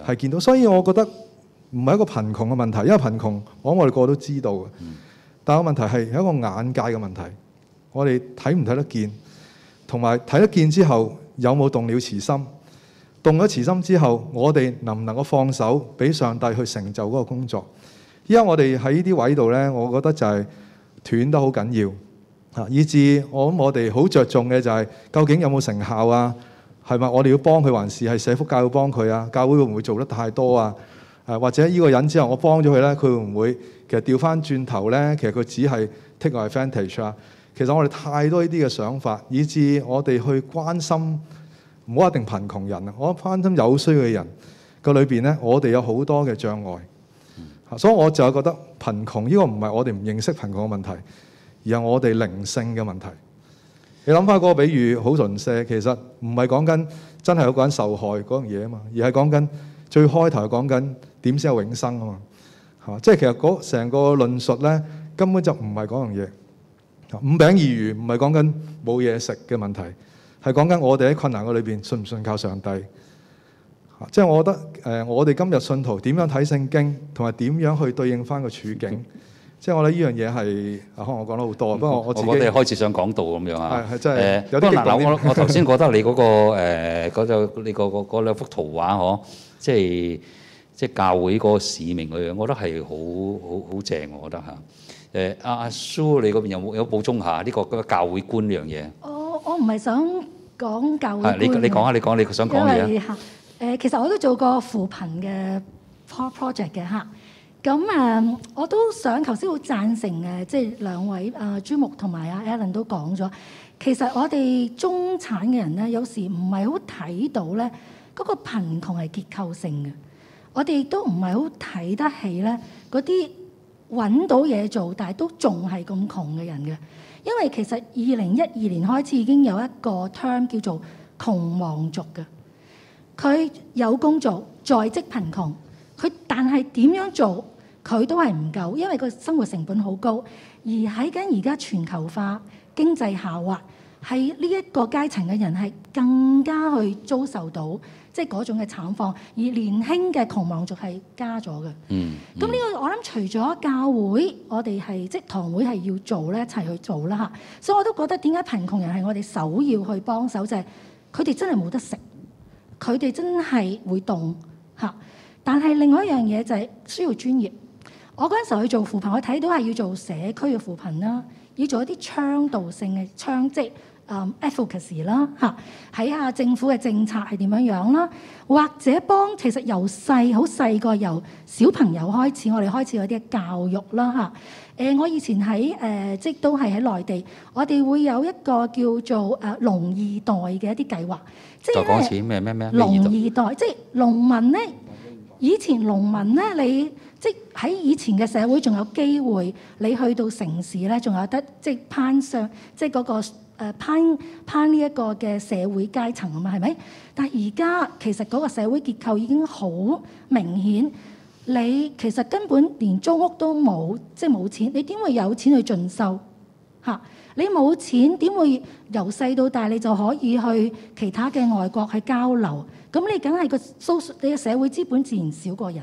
係見到，所以我覺得唔係一個貧窮嘅問題，因為貧窮我我哋個個都知道嘅。嗯、但係個問題係係一個眼界嘅問題，我哋睇唔睇得見，同埋睇得見之後有冇動了慈心，動咗慈心之後，我哋能唔能夠放手俾上帝去成就嗰個工作？而家我哋喺呢啲位度咧，我覺得就係斷得好緊要。以至我諗，我哋好着重嘅就係、是、究竟有冇成效啊？係咪我哋要幫佢，還是係社福教會幫佢啊？教會會唔會做得太多啊？誒、啊，或者呢個人之後我幫咗佢呢，佢會唔會其實調翻轉頭呢，其實佢只係 take advantage 啊！其實我哋太多呢啲嘅想法，以至我哋去關心唔好一定貧窮人啊！我關心有需要嘅人個裏邊呢，我哋有好多嘅障礙。嗯、所以我就係覺得貧窮呢、呢個唔係我哋唔認識貧窮嘅問題。而係我哋靈性嘅問題。你諗翻嗰個比喻好純粹。其實唔係講緊真係有個人受害嗰樣嘢啊嘛，而係講緊最開頭係講緊點先有永生啊嘛，係嘛？即係其實成個論述咧根本就唔係講樣嘢。五餅二魚唔係講緊冇嘢食嘅問題，係講緊我哋喺困難裏邊信唔信靠上帝。即係我覺得誒，我哋今日信徒點樣睇聖經，同埋點樣去對應翻個處境。即係我覺得呢樣嘢係阿康，我講得好多。不過我自己，我哋開始想講到咁樣啊。係係真係。誒，有啲我我頭先覺得你嗰、嗰個就 你嗰個兩幅圖畫呵，即係即係教會嗰個使命嗰樣，我覺得係好好好正，我覺得吓，誒阿阿蘇，啊、oo, 你嗰邊有冇有補充下呢、這個教會觀呢樣嘢？我我唔係想講教會觀。你你講下，你講你想講嘢啊。因為其實我都做過扶貧嘅 project 嘅嚇。咁誒，我都想頭先好贊成誒，即係兩位啊朱牧同埋啊 Alan 都講咗，其實我哋中產嘅人咧，有時唔係好睇到咧，嗰個貧窮係結構性嘅，我哋亦都唔係好睇得起咧嗰啲揾到嘢做，但係都仲係咁窮嘅人嘅，因為其實二零一二年開始已經有一個 term 叫做窮忙族嘅，佢有工作，在職貧窮，佢但係點樣做？佢都係唔夠，因為個生活成本好高，而喺緊而家全球化經濟下滑，係呢一個階層嘅人係更加去遭受到即係嗰種嘅慘況，而年輕嘅窮忙族係加咗嘅。嗯，嗯，咁呢個我諗除咗教會，我哋係即係堂會係要做咧，一齊去做啦嚇。所以我都覺得點解貧窮人係我哋首要去幫手就係佢哋真係冇得食，佢哋真係會凍嚇。但係另外一樣嘢就係需要專業。我嗰陣時去做扶貧，我睇到係要做社區嘅扶貧啦，要做一啲倡導性嘅倡，即係 efficacy 啦嚇，睇、um, 下、啊、政府嘅政策係點樣樣啦，或者幫其實由細好細個由小朋友開始，我哋開始有啲教育啦嚇。誒、啊，我以前喺誒、呃、即都係喺內地，我哋會有一個叫做誒農二代嘅一啲計劃，即係咩，農二代，即係農民咧，以前農民咧你。即喺以前嘅社會仲有機會，你去到城市咧，仲有得即係攀上，即係嗰個誒攀攀呢一個嘅社會階層啊嘛，係咪？但係而家其實嗰個社會結構已經好明顯，你其實根本連租屋都冇，即係冇錢，你點會有錢去進修？嚇，你冇錢點會由細到大你就可以去其他嘅外國去交流？咁你梗係個你嘅社會資本自然少過人。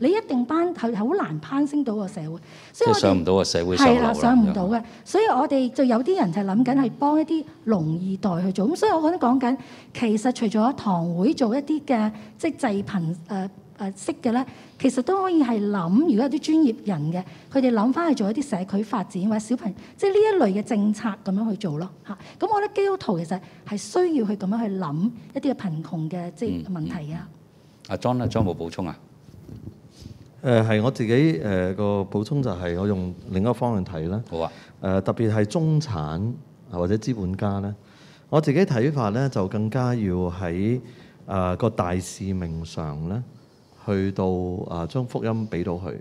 你一定攀係好難攀升到個社會，所以想唔到個社會受，係啦，想唔到嘅，為所以我哋就有啲人係諗緊係幫一啲農二代去做。咁所以我覺得講緊其實除咗堂會做一啲嘅即係濟貧誒誒、呃、式嘅咧，其實都可以係諗。如果有啲專業人嘅，佢哋諗翻去做一啲社區發展或者小朋友即係呢一類嘅政策咁樣去做咯嚇。咁、啊、我覺得基督徒其實係需要去咁樣去諗一啲嘅貧窮嘅即係問題啊。阿、嗯嗯、John 啊，John 冇補充啊？誒係我自己誒個補充就係、是、我用另一個方向睇啦。好啊。誒特別係中產或者資本家咧，我自己睇法咧就更加要喺誒個大使命上咧，去到誒將、啊、福音俾到佢。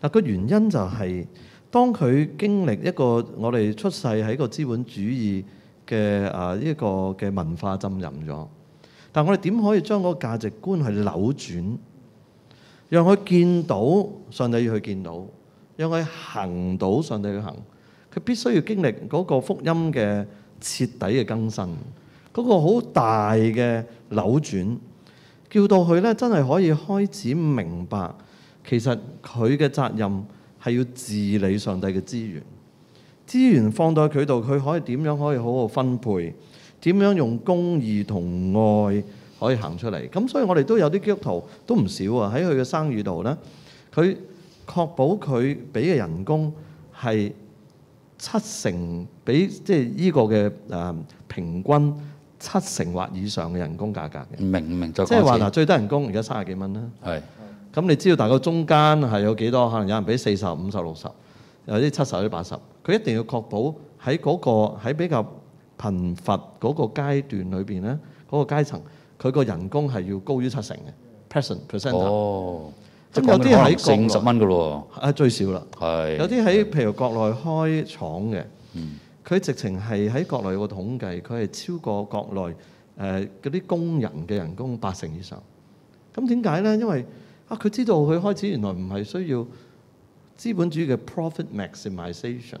但、啊、個原因就係、是、當佢經歷一個我哋出世喺一個資本主義嘅誒一個嘅文化浸淫咗，但我哋點可以將嗰個價值觀去扭轉？讓佢見到上帝要去見到，讓佢行到上帝去行，佢必須要經歷嗰個福音嘅徹底嘅更新，嗰個好大嘅扭轉，叫到佢咧真係可以開始明白，其實佢嘅責任係要治理上帝嘅資源，資源放到佢度，佢可以點樣可以好好分配，點樣用公義同愛。可以行出嚟咁，所以我哋都有啲基督徒都唔少啊。喺佢嘅生意度咧，佢確保佢俾嘅人工係七成俾即係呢個嘅誒、呃、平均七成或以上嘅人工價格嘅。明唔明？即係話嗱，最低人工而家三十幾蚊啦。係咁是，你知道大概中間係有幾多？可能有人俾四十、五十、六十，有啲七十、有啲八十。佢一定要確保喺嗰、嗰個喺比較貧乏嗰個階段裏邊咧，嗰、嗰個階層。佢個人工係要高於七成嘅 percent percent。哦，咁有啲喺國內四五十蚊嘅喎，啊，最少啦。係。有啲喺譬如國內開廠嘅，嗯，佢直情係喺國內個統計，佢係超過國內誒嗰啲工人嘅人工八成以上。咁點解咧？因為啊，佢知道佢開始原來唔係需要資本主義嘅 profit maximization，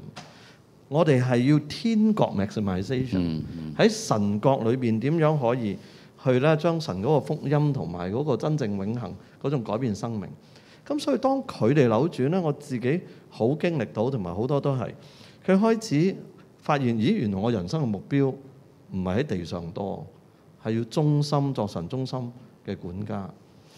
我哋係要天國 maximization，喺神國裏邊點樣可以？去咧，將神嗰個福音同埋嗰個真正永恆嗰種改變生命。咁所以當佢哋扭轉咧，我自己好經歷到，同埋好多都係佢開始發現，咦，原來我的人生嘅目標唔係喺地上多，係要忠心作神忠心嘅管家。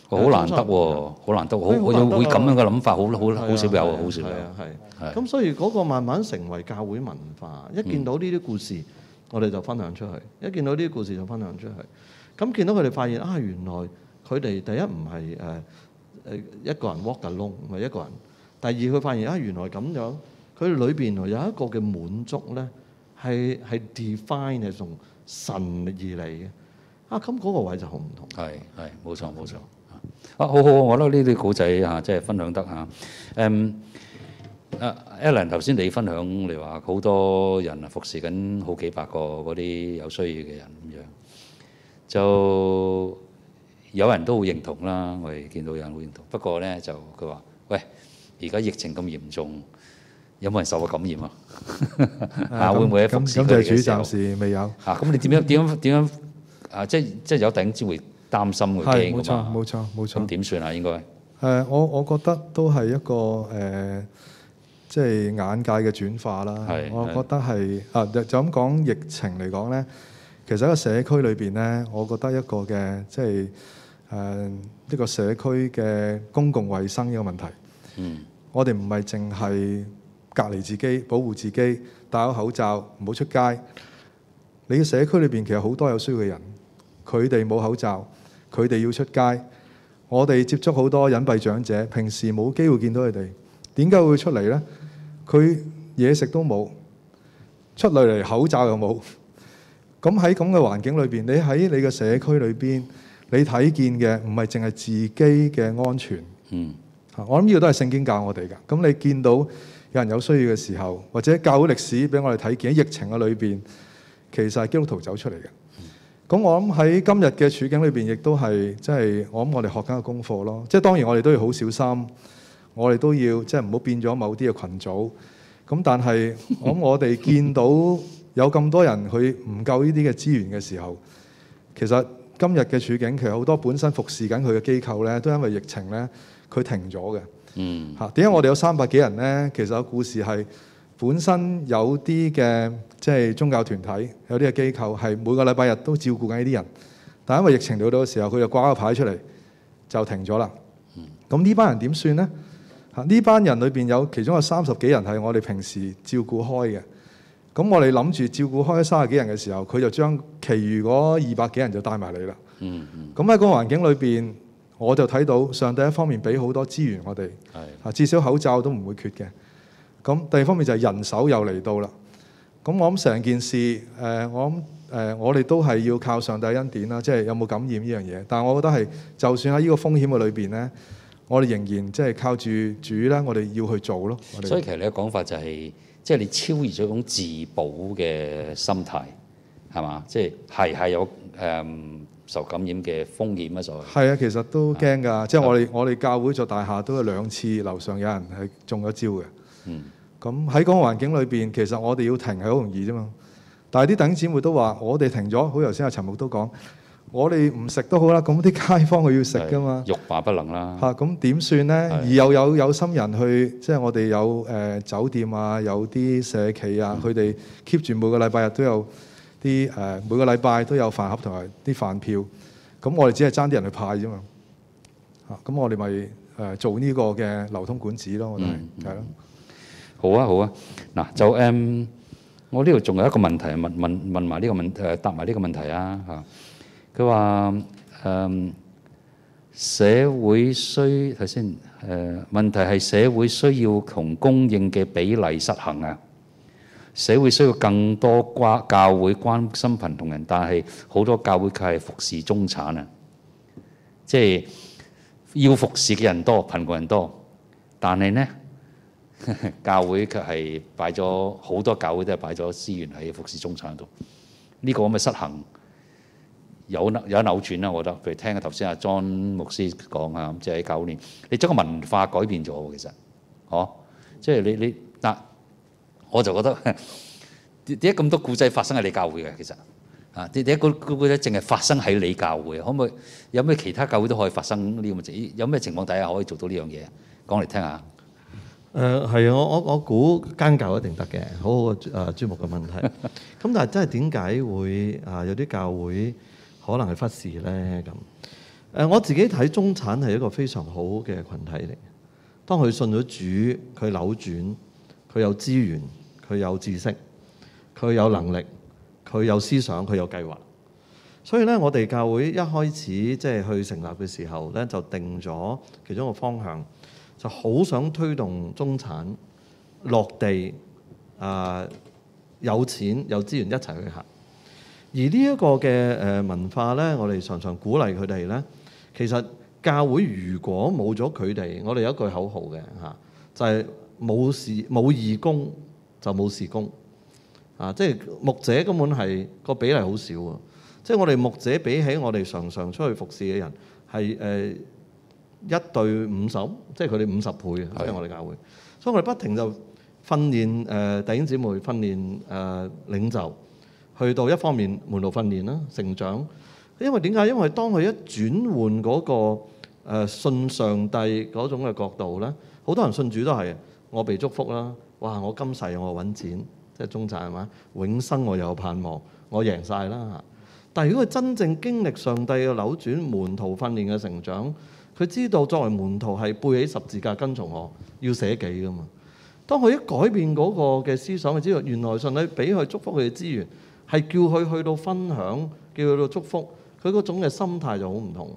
好難得喎、啊，好的難得，好我會咁樣嘅諗法很，好好好少有，好少有。啊，係。咁所以嗰個慢慢成為教會文化。一見到呢啲故事，嗯、我哋就分享出去；一見到呢啲故事，就分享出去。咁見到佢哋發現啊，原來佢哋第一唔係誒誒一個人 walk alone，唔係一個人。第二佢發現啊，原來咁樣佢裏邊有一個嘅滿足咧，係係 define 係從神而嚟嘅。啊，咁嗰個位就好唔同。係係冇錯冇錯啊！好好，我覺得呢啲古仔啊，即係分享得嚇。嗯啊，Alan 頭先你分享，你話好多人服侍緊好幾百個嗰啲有需要嘅人咁樣。就有人都會認同啦，我哋見到有人會認同。不過咧，就佢話，喂，而家疫情咁嚴重，有冇人受過感染啊？嚇，會唔會喺服侍佢嘅時候？咁對主暫時未有。嚇，咁你點樣點樣點樣啊？即係即係有頂先會擔心會驚㗎嘛？係，冇錯，冇錯，冇錯。咁點算啊？應該誒，我我覺得都係一個誒，即係眼界嘅轉化啦。係，係。我覺得係啊，就咁講疫情嚟講咧。其實喺個社區裏邊咧，我覺得一個嘅即係誒、呃、一個社區嘅公共衞生呢個問題。嗯，我哋唔係淨係隔離自己、保護自己，戴好口罩唔好出街。你嘅社區裏邊其實好多有需要嘅人，佢哋冇口罩，佢哋要出街。我哋接觸好多隱蔽長者，平時冇機會見到佢哋，點解會出嚟咧？佢嘢食都冇，出嚟嚟口罩又冇。咁喺咁嘅環境裏邊，你喺你嘅社區裏邊，你睇見嘅唔係淨係自己嘅安全。嗯，我諗呢個都係聖經教我哋㗎。咁你見到有人有需要嘅時候，或者教會歷史俾我哋睇見喺疫情嘅裏邊，其實係基督徒走出嚟嘅。咁我諗喺今日嘅處境裏邊，亦都係即係我諗我哋學緊嘅功課咯。即係當然我哋都要好小心，我哋都要即係唔好變咗某啲嘅羣組。咁但係我諗我哋見到，有咁多人去唔夠呢啲嘅資源嘅時候，其實今日嘅處境其實好多本身服侍緊佢嘅機構呢，都因為疫情呢，佢停咗嘅。嗯，嚇點解我哋有三百幾人呢？其實有故事係本身有啲嘅即係宗教團體有啲嘅機構係每個禮拜日都照顧緊呢啲人，但係因為疫情嚟到嘅時候，佢就掛個牌出嚟就停咗啦。咁呢班人點算呢？嚇呢班人裏邊有其中有三十幾人係我哋平時照顧開嘅。咁我哋諗住照顧開三十幾人嘅時候，佢就將其餘嗰二百幾人就帶埋嚟啦。嗯，咁喺嗰個環境裏邊，我就睇到上帝一方面俾好多資源我哋，係啊的至少口罩都唔會缺嘅。咁第二方面就係人手又嚟到啦。咁我諗成件事，誒我誒我哋都係要靠上帝恩典啦，即係有冇感染呢樣嘢？但係我覺得係，就算喺呢個風險嘅裏邊咧，我哋仍然即係靠住主啦，我哋要去做咯。我所以其實你嘅講法就係。即係你超越咗一種自保嘅心態，係嘛？即係係係有誒、嗯、受感染嘅風險啊，所謂係啊，其實都驚㗎。係嘅。即係我哋我哋教會座大廈都有兩次樓上有人係中咗招嘅。嗯，咁喺嗰個環境裏邊，其實我哋要停係好容易啫嘛。但係啲弟兄姊妹都話，我哋停咗，好頭先阿陳牧都講。我哋唔食都好啦，咁啲街坊佢要食噶嘛，欲罷不能啦嚇。咁點算咧？而又有有心人去，即係我哋有誒酒店啊，有啲社企啊，佢哋 keep 住每個禮拜日都有啲誒，每個禮拜都有飯盒同埋啲飯票。咁我哋只係爭啲人去派啫嘛嚇。咁我哋咪誒做呢個嘅流通管子咯，我哋係咯。好啊，好啊。嗱就誒，我呢度仲有一個問題問，問問埋呢個問題，答埋呢個問題啊嚇。佢話：誒、嗯、社會需睇先，誒、呃、問題係社會需要同供應嘅比例失衡啊！社會需要更多關教會關心貧窮人，但係好多教會佢係服侍中產啊！即係要服侍嘅人多，貧窮人多，但係呢呵呵，教會佢係擺咗好多教會都係擺咗資源喺服侍中產度，呢、呢個咁嘅失衡。有有扭轉啦，我覺得。譬如聽下頭先阿莊牧師講啊，咁即係喺九年，你將個文化改變咗喎，其實，哦，即係你你嗱，我就覺得點解咁多古仔發生喺你教會嘅其實啊？點點解個個古仔淨係發生喺你教會啊？可唔可以有咩其他教會都可以發生呢？咁嘅情有咩情況底下可以做到呢樣嘢？講嚟聽下。誒係啊，我我我估間教一定得嘅，好好啊專注嘅問題。咁但係真係點解會啊有啲教會？可能係忽視呢。咁，我自己睇中產係一個非常好嘅群體嚟。當佢信咗主，佢扭轉，佢有資源，佢有知識，佢有能力，佢有思想，佢有計劃。所以呢，我哋教會一開始即係、就是、去成立嘅時候呢，就定咗其中一個方向，就好想推動中產落地，有錢有資源一齊去行。而呢一個嘅誒文化咧，我哋常常鼓勵佢哋咧。其實教會如果冇咗佢哋，我哋有一句口號嘅嚇，就係冇事冇義工就冇事工啊！即係牧者根本係個比例好少喎。即係我哋牧者比起我哋常常出去服侍嘅人，係誒一對五十，即係佢哋五十倍嘅。即係我哋教會，所以我哋不停就訓練誒弟兄姊妹，訓練誒領袖。去到一方面門徒訓練啦、成長，因為點解？因為當佢一轉換嗰、嗰個、呃、信上帝嗰種嘅角度咧，好多人信主都係我被祝福啦，哇！我今世我揾錢，即係中產係嘛？永生我又盼望，我贏晒啦嚇！但係如果佢真正經歷上帝嘅扭轉，門徒訓練嘅成長，佢知道作為門徒係背起十字架跟從我，要捨己㗎嘛。當佢一改變嗰個嘅思想，佢知道原來上帝俾佢祝福佢嘅資源。係叫佢去到分享，叫佢去到祝福，佢嗰種嘅心態就好唔同。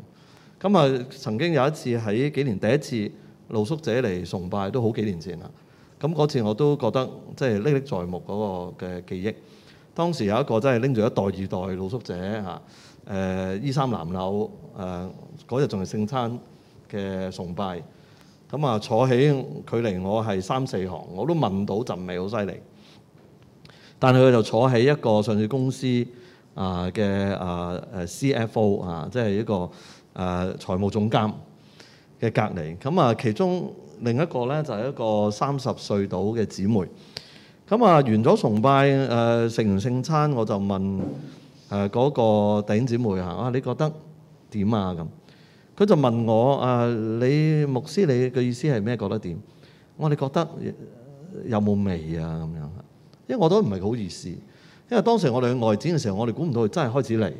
咁啊，曾經有一次喺幾年第一次露宿者嚟崇拜，都好幾年前啦。咁嗰次我都覺得即係歷歷在目嗰個嘅記憶。當時有一個真係拎住一袋二袋露宿者嚇，誒、呃、衣衫襤褸，誒、呃、嗰日仲係聖餐嘅崇拜。咁啊，坐起距離我係三四行，我都聞到陣味，好犀利。但係佢就坐喺一個上市公司啊嘅啊誒 CFO 啊，即係一個誒財務總監嘅隔離。咁啊，其中另一個咧就係一個三十歲到嘅姊妹。咁啊，完咗崇拜誒食完聖餐，我就問誒嗰個弟兄姊妹吓啊，你覺得點啊？咁佢就問我啊，你牧師你嘅意思係咩？覺得點？我話你覺得有冇味啊？咁樣。因為我都唔係好意思，因為當時我哋去外展嘅時候，我哋估唔到佢真係開始嚟。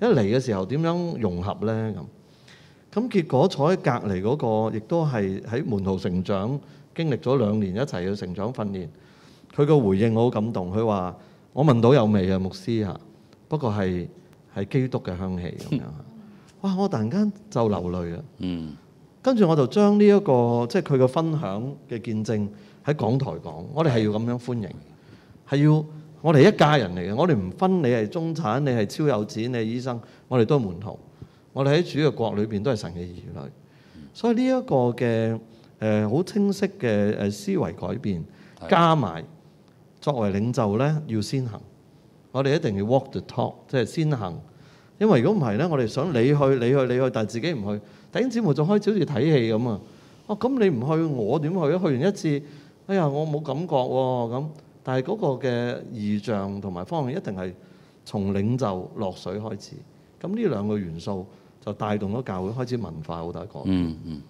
一嚟嘅時候點樣融合呢？咁咁結果坐喺隔離嗰個，亦都係喺門徒成長經歷咗兩年一齊去成長訓練。佢個回應我好感動，佢話：我聞到有味啊，牧師吓，不過係係基督嘅香氣咁樣。 哇！我突然間就流淚啊。嗯。跟住我就將呢一個即係佢嘅分享嘅見證喺講台講，我哋係要咁樣歡迎。係要我哋一家人嚟嘅，我哋唔分你係中產，你係超有錢，你係醫生，我哋都係門徒。我哋喺主嘅國裏邊都係神嘅兒女，所以呢一個嘅誒好清晰嘅誒思維改變，加埋作為領袖咧要先行。我哋一定要 walk the talk，即係先行。因為如果唔係咧，我哋想你去，你去，你去，但係自己唔去，弟兄姊妹仲開始好似睇戲咁啊！哦，咁你唔去，我點去啊？去完一次，哎呀，我冇感覺喎、哦、咁。但係嗰個嘅意象同埋方向一定係從領袖落水開始，咁呢兩個元素就帶動咗教會開始文化好大一個。嗯嗯，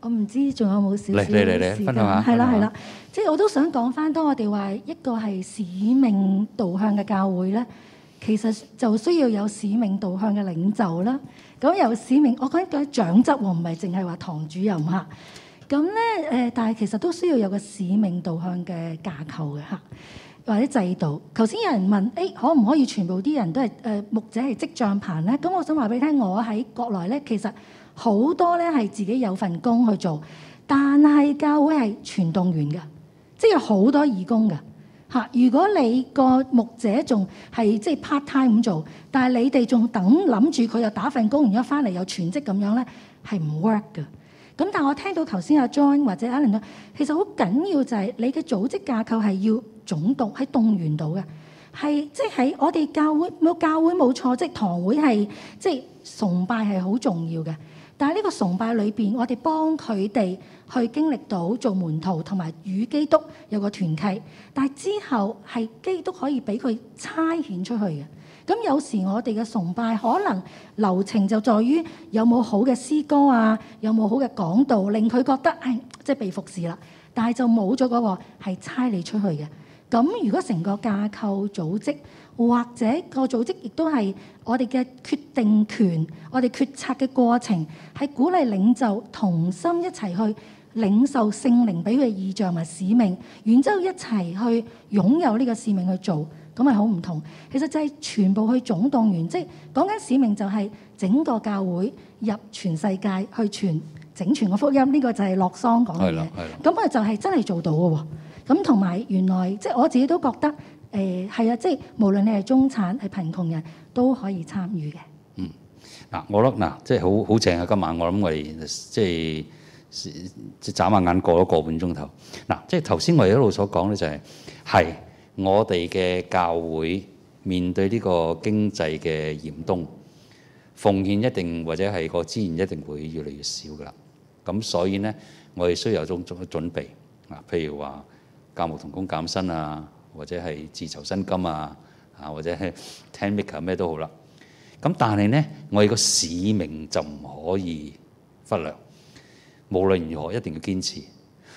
我唔知仲有冇少少時間，係啦係啦，即係我都想講翻，當我哋話一個係使命導向嘅教會咧，其實就需要有使命導向嘅領袖啦。咁有使命，我覺得講長執喎，唔係淨係話堂主任嚇。咁咧，誒，但係其實都需要有個使命導向嘅架構嘅嚇，或者制度。頭先有人問，誒、欸，可唔可以全部啲人都係誒、呃、牧者係織帳棚咧？咁我想話俾你聽，我喺國內咧，其實好多咧係自己有份工去做，但係教會係全動員嘅，即係有好多義工嘅嚇。如果你個牧者仲係即係 part time 咁做，但係你哋仲等諗住佢又打份工，然之後翻嚟又全職咁樣咧，係唔 work 嘅。咁但我聽到頭先阿 John 或者阿林都，其實好緊要就係你嘅組織架構係要總導喺動員到嘅，係即係喺我哋教會冇教會冇錯，即係堂會係即係崇拜係好重要嘅。但係呢個崇拜裏面，我哋幫佢哋去經歷到做門徒，同埋與基督有個團契。但係之後係基督可以畀佢差遣出去嘅。咁有時我哋嘅崇拜可能流程就在於有冇好嘅詩歌啊，有冇好嘅講道，令佢覺得係即係被服侍啦。但係就冇咗嗰個係差你出去嘅。咁如果成個架構組織或者個組織亦都係我哋嘅決定權，我哋決策嘅過程係鼓勵領袖同心一齊去領受聖靈俾佢嘅異象同埋使命，然之後一齊去擁有呢個使命去做。咁咪好唔同，其實就係全部去總動員，即係講緊使命就係整個教會入全世界去傳整全個福音，呢個就係洛桑講嘅。係啦，係啦。咁我哋就係真係做到嘅喎。咁同埋原來即係我自己都覺得誒係啊，即係無論你係中產係貧窮人都可以參與嘅。嗯，嗱我覺得嗱即係好好正啊，今晚我諗我哋即係眨下眼過咗個半鐘頭。嗱即係頭先我哋一路所講咧就係、是、係。我哋嘅教會面對呢個經濟嘅嚴冬，奉獻一定或者係個資源一定會越嚟越少噶啦。咁所以咧，我哋需要有種準備啊，譬如話教牧同工減薪啊，或者係自籌薪金啊，啊或者係聽咩都好啦。咁但係咧，我哋個使命就唔可以忽略。無論如何，一定要堅持。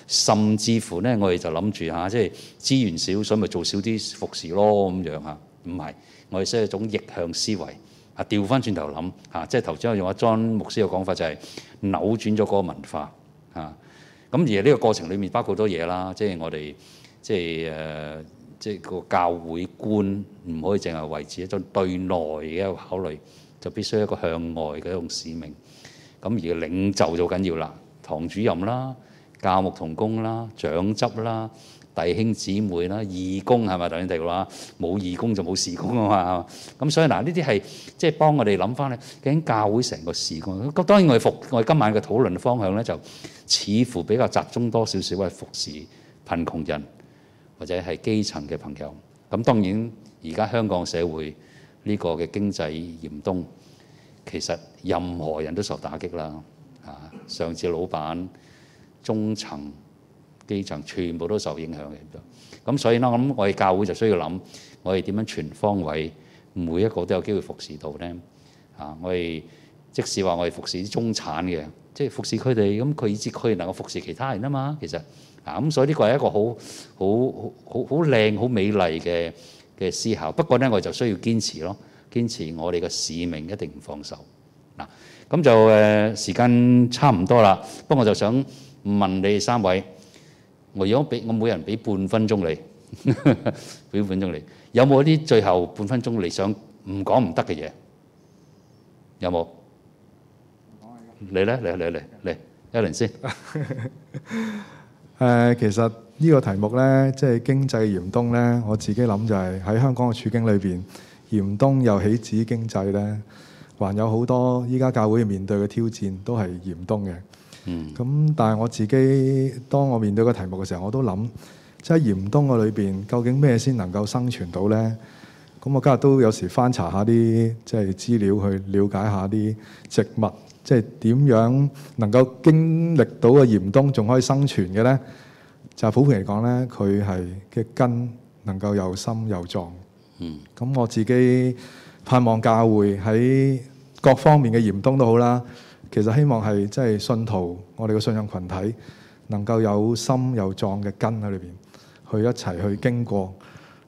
甚至乎咧，我哋就諗住嚇，即係資源少，所以咪做少啲服侍咯，咁樣嚇。唔係，我哋需要一種逆向思維，啊，調翻轉頭諗嚇，即係頭先我用阿莊牧師嘅講法就係扭轉咗嗰個文化嚇。咁而呢個過程裡面，包括好多嘢啦，即係我哋即係誒，即係個、啊、教會觀，唔可以淨係維持一種對內嘅一個考慮，就必須一個向外嘅一種使命。咁而領袖就好緊要啦，堂主任啦。教牧同工啦、長執啦、弟兄姊妹啦、義工係咪？等先提過冇義工就冇事工啊嘛。咁所以嗱，呢啲係即係幫我哋諗翻咧，究竟教會成個事工。咁當然我哋服，我哋今晚嘅討論方向咧，就似乎比較集中多少少係服侍貧窮人或者係基層嘅朋友。咁當然而家香港社會呢個嘅經濟嚴冬，其實任何人都受打擊啦。啊，上次老闆。中層、基層全部都受影響嘅。咁，所以呢，咁我哋教會就需要諗，我哋點樣全方位每一個都有機會服侍到呢？啊！我哋即使話我哋服侍中產嘅，即係服侍佢哋，咁佢以至佢能夠服侍其他人啊嘛。其實啊，咁所以呢個係一個好好好好靚、好美麗嘅嘅思考。不過呢，我哋就需要堅持咯，堅持我哋嘅使命一定唔放手嗱。咁、啊、就誒、呃、時間差唔多啦，不過我就想。問你哋三位，我如果俾我每人俾半分鐘你，俾半分鐘你，有冇啲最後半分鐘你想唔講唔得嘅嘢？有冇？你咧，嚟嚟嚟嚟，阿林先。誒，其實呢個題目咧，即係經濟嚴冬咧，我自己諗就係喺香港嘅處境裏邊，嚴冬又豈止經濟咧，還有好多依家教會面對嘅挑戰都係嚴冬嘅。嗯，咁但係我自己當我面對個題目嘅時候，我都諗，即係嚴冬嘅裏邊，究竟咩先能夠生存到呢？咁我今日都有時翻查下啲即係資料，去了解下啲植物，即係點樣能夠經歷到個嚴冬仲可以生存嘅呢？就係普遍嚟講呢，佢係嘅根能夠又深又壯。嗯，咁我自己盼望教會喺各方面嘅嚴冬都好啦。其實希望係即係信徒，我哋嘅信仰羣體能夠有深有壯嘅根喺裏邊，去一齊去經過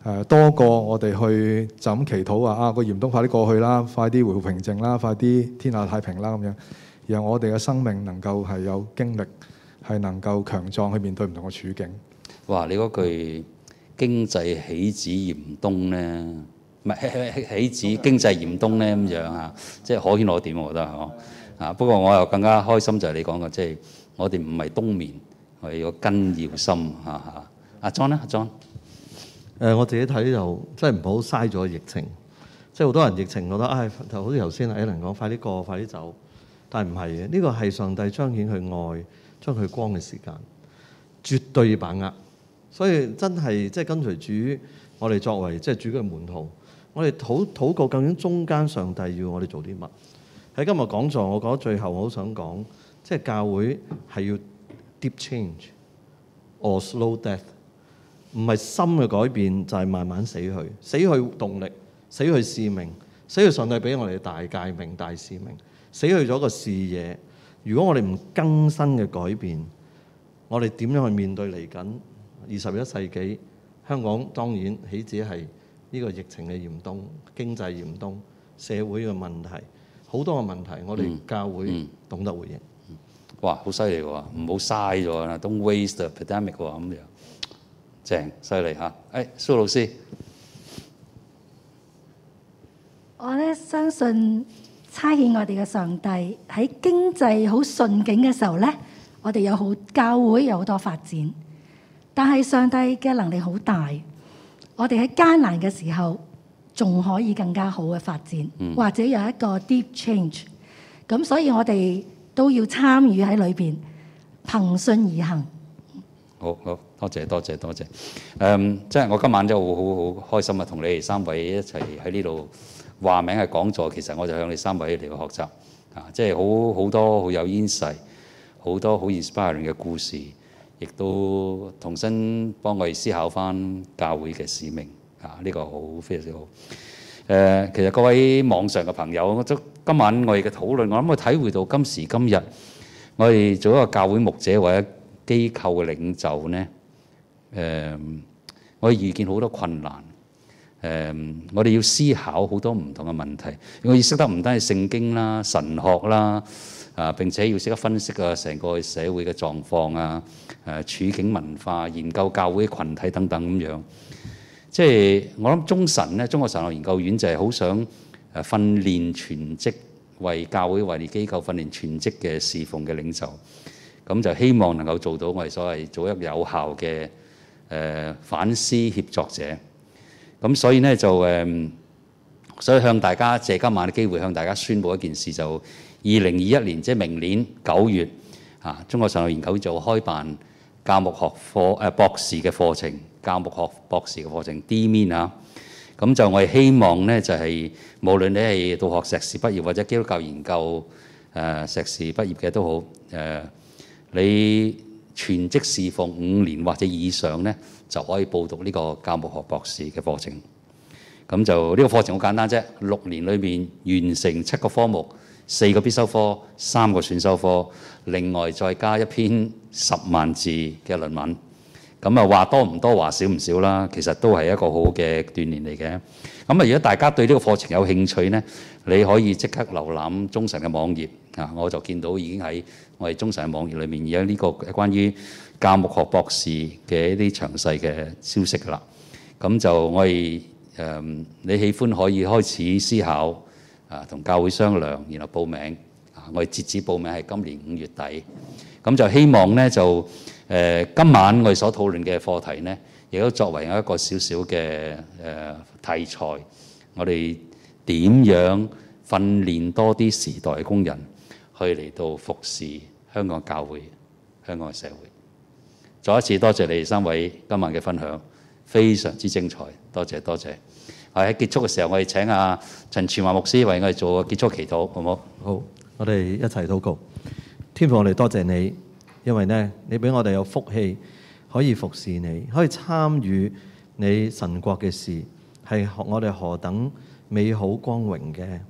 誒多過我哋去就咁祈禱話啊個嚴冬快啲過去啦，快啲回復平靜啦，快啲天下太平啦咁樣。然後我哋嘅生命能夠係有經歷，係能夠強壯去面對唔同嘅處境。哇！你嗰句經濟豈止嚴冬咧，唔係豈止經濟嚴冬咧咁樣啊，即係可圈可點，我覺得係。啊！不過我又更加開心就係你講嘅，即、就、係、是、我哋唔係冬眠，我哋個根要深。嚇、啊、嚇。阿莊咧，阿莊、呃，誒我自己睇呢就真係唔好嘥咗疫情，即係好多人疫情覺得唉，就、哎、好似頭先阿 Ellen 講，快啲過，快啲走，但係唔係嘅，呢個係上帝彰顯去愛、將佢光嘅時間，絕對要把握。所以真係即係跟隨主，我哋作為即係、就是、主嘅門徒，我哋禱禱告究竟中間上帝要我哋做啲乜？喺今日講座，我覺得最後，我好想講，即係教會係要 deep change or slow death，唔係深嘅改變，就係慢慢死去，死去動力，死去使命，死去上帝俾我哋大誡命、大使命，死去咗個視野。如果我哋唔更新嘅改變，我哋點樣去面對嚟緊二十一世紀香港？當然豈止係呢個疫情嘅嚴冬、經濟嚴冬、社會嘅問題。好多個問題，我哋教會懂得回應。哇，好犀利喎！唔好嘥咗啦，Don't waste the pandemic 喎，咁樣正犀利吓。誒，蘇老師，我咧相信差遣我哋嘅上帝，喺經濟好順景嘅時候咧，我哋有好，教會有好多發展。但係上帝嘅能力好大，我哋喺艱難嘅時候。仲可以更加好嘅發展，或者有一個 deep change。咁所以我哋都要參與喺裏邊，憑信而行。好，好多謝多謝多謝。誒，um, 即係我今晚真係好好開心啊，同你哋三位一齊喺呢度話名係講座，其實我就向你三位嚟學習啊！即係好好多好有 inspire 好多好 inspiring 嘅故事，亦都重新幫我哋思考翻教會嘅使命。啊！呢個好非常之好。誒、呃，其實各位網上嘅朋友，我今晚我哋嘅討論，我諗我體會到今時今日，我哋做一個教會牧者或者機構嘅領袖咧，誒、呃，我哋遇見好多困難。誒、呃，我哋要思考好多唔同嘅問題。我意識得唔單係聖經啦、神學啦，啊、呃，並且要識得分析啊成個社會嘅狀況啊、誒、呃、處境文化、研究教會群體等等咁樣。即係我諗中神咧，中國神學研究院就係好想誒訓練全職，為教會為啲機構訓練全職嘅侍奉嘅領袖，咁就希望能夠做到我哋所謂做一個有效嘅誒、呃、反思協作者。咁所以咧就誒、呃，所以向大家借今晚嘅機會向大家宣布一件事，就二零二一年即係明年九月啊，中國神學研究就開辦教牧學課誒、呃、博士嘅課程。教牧學博士嘅課程 DMin 啊，咁就我哋希望呢，就係、是、無論你係道學碩士畢業或者基督教研究誒、呃、碩士畢業嘅都好誒、呃，你全職侍奉五年或者以上呢，就可以報讀呢個教牧學博士嘅課程。咁就呢、這個課程好簡單啫，六年裏面完成七個科目，四個必修科，三個選修科，另外再加一篇十萬字嘅論文。咁啊，話多唔多話少唔少啦，其實都係一個好好嘅鍛鍊嚟嘅。咁啊，如果大家對呢個課程有興趣呢，你可以即刻瀏覽中神嘅網頁啊。我就見到已經喺我哋中神嘅網頁裏面有呢個關於教牧學博士嘅一啲詳細嘅消息啦。咁就我哋誒，你喜歡可以開始思考啊，同教會商量，然後報名啊。我哋截止報名係今年五月底，咁就希望呢就。誒、呃，今晚我哋所討論嘅課題呢，亦都作為一個少少嘅誒題材，我哋點樣訓練多啲時代工人去嚟到服侍香港教會、香港社會？再一次多謝你哋三位今晚嘅分享，非常之精彩，多謝多謝。喺結束嘅時候，我哋請阿、啊、陳傳華牧師為我哋做結束祈禱。好唔好？好，我哋一齊禱告，天父，我哋多謝你。因為呢，你俾我哋有福氣可以服侍你，可以參與你神國嘅事，係我哋何等美好光榮嘅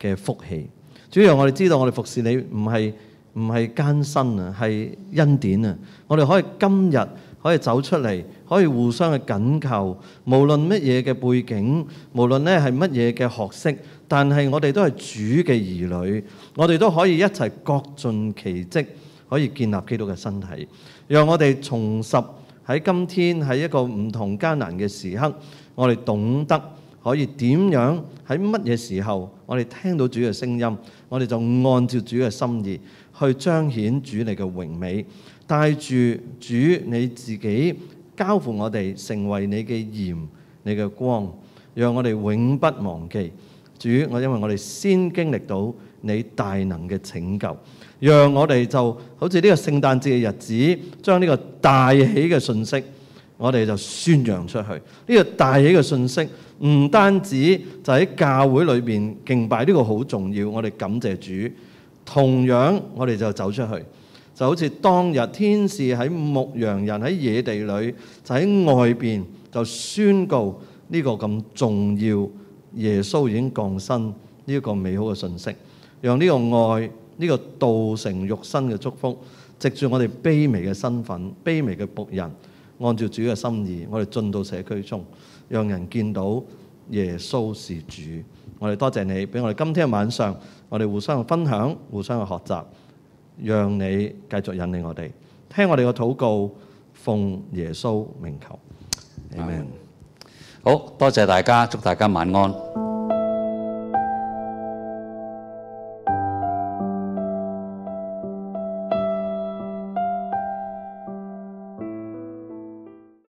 嘅福氣。主要我哋知道，我哋服侍你唔係唔係艱辛啊，係恩典啊。我哋可以今日可以走出嚟，可以互相嘅緊扣，無論乜嘢嘅背景，無論呢係乜嘢嘅學識，但係我哋都係主嘅兒女，我哋都可以一齊各盡其職。可以建立基督嘅身體，讓我哋重拾喺今天喺一個唔同艱難嘅時刻，我哋懂得可以點樣喺乜嘢時候，我哋聽到主嘅聲音，我哋就按照主嘅心意去彰顯主你嘅榮美，帶住主你自己交付我哋成為你嘅鹽、你嘅光，讓我哋永不忘記主。我因為我哋先經歷到你大能嘅拯救。讓我哋就好似呢個聖誕節嘅日子，將呢個大喜嘅信息，我哋就宣揚出去。呢個大喜嘅信息唔單止就喺教會裏邊敬拜呢個好重要，我哋感謝主。同樣我哋就走出去，就好似當日天使喺牧羊人喺野地裏，就喺外邊就宣告呢個咁重要，耶穌已經降生呢個美好嘅信息，讓呢個愛。呢個道成肉身嘅祝福，藉住我哋卑微嘅身份、卑微嘅僕人，按照主嘅心意，我哋進到社區中，讓人見到耶穌是主。我哋多謝你，俾我哋今天晚上，我哋互相分享、互相學習，讓你繼續引領我哋聽我哋嘅禱告，奉耶穌名求。阿門。好多謝大家，祝大家晚安。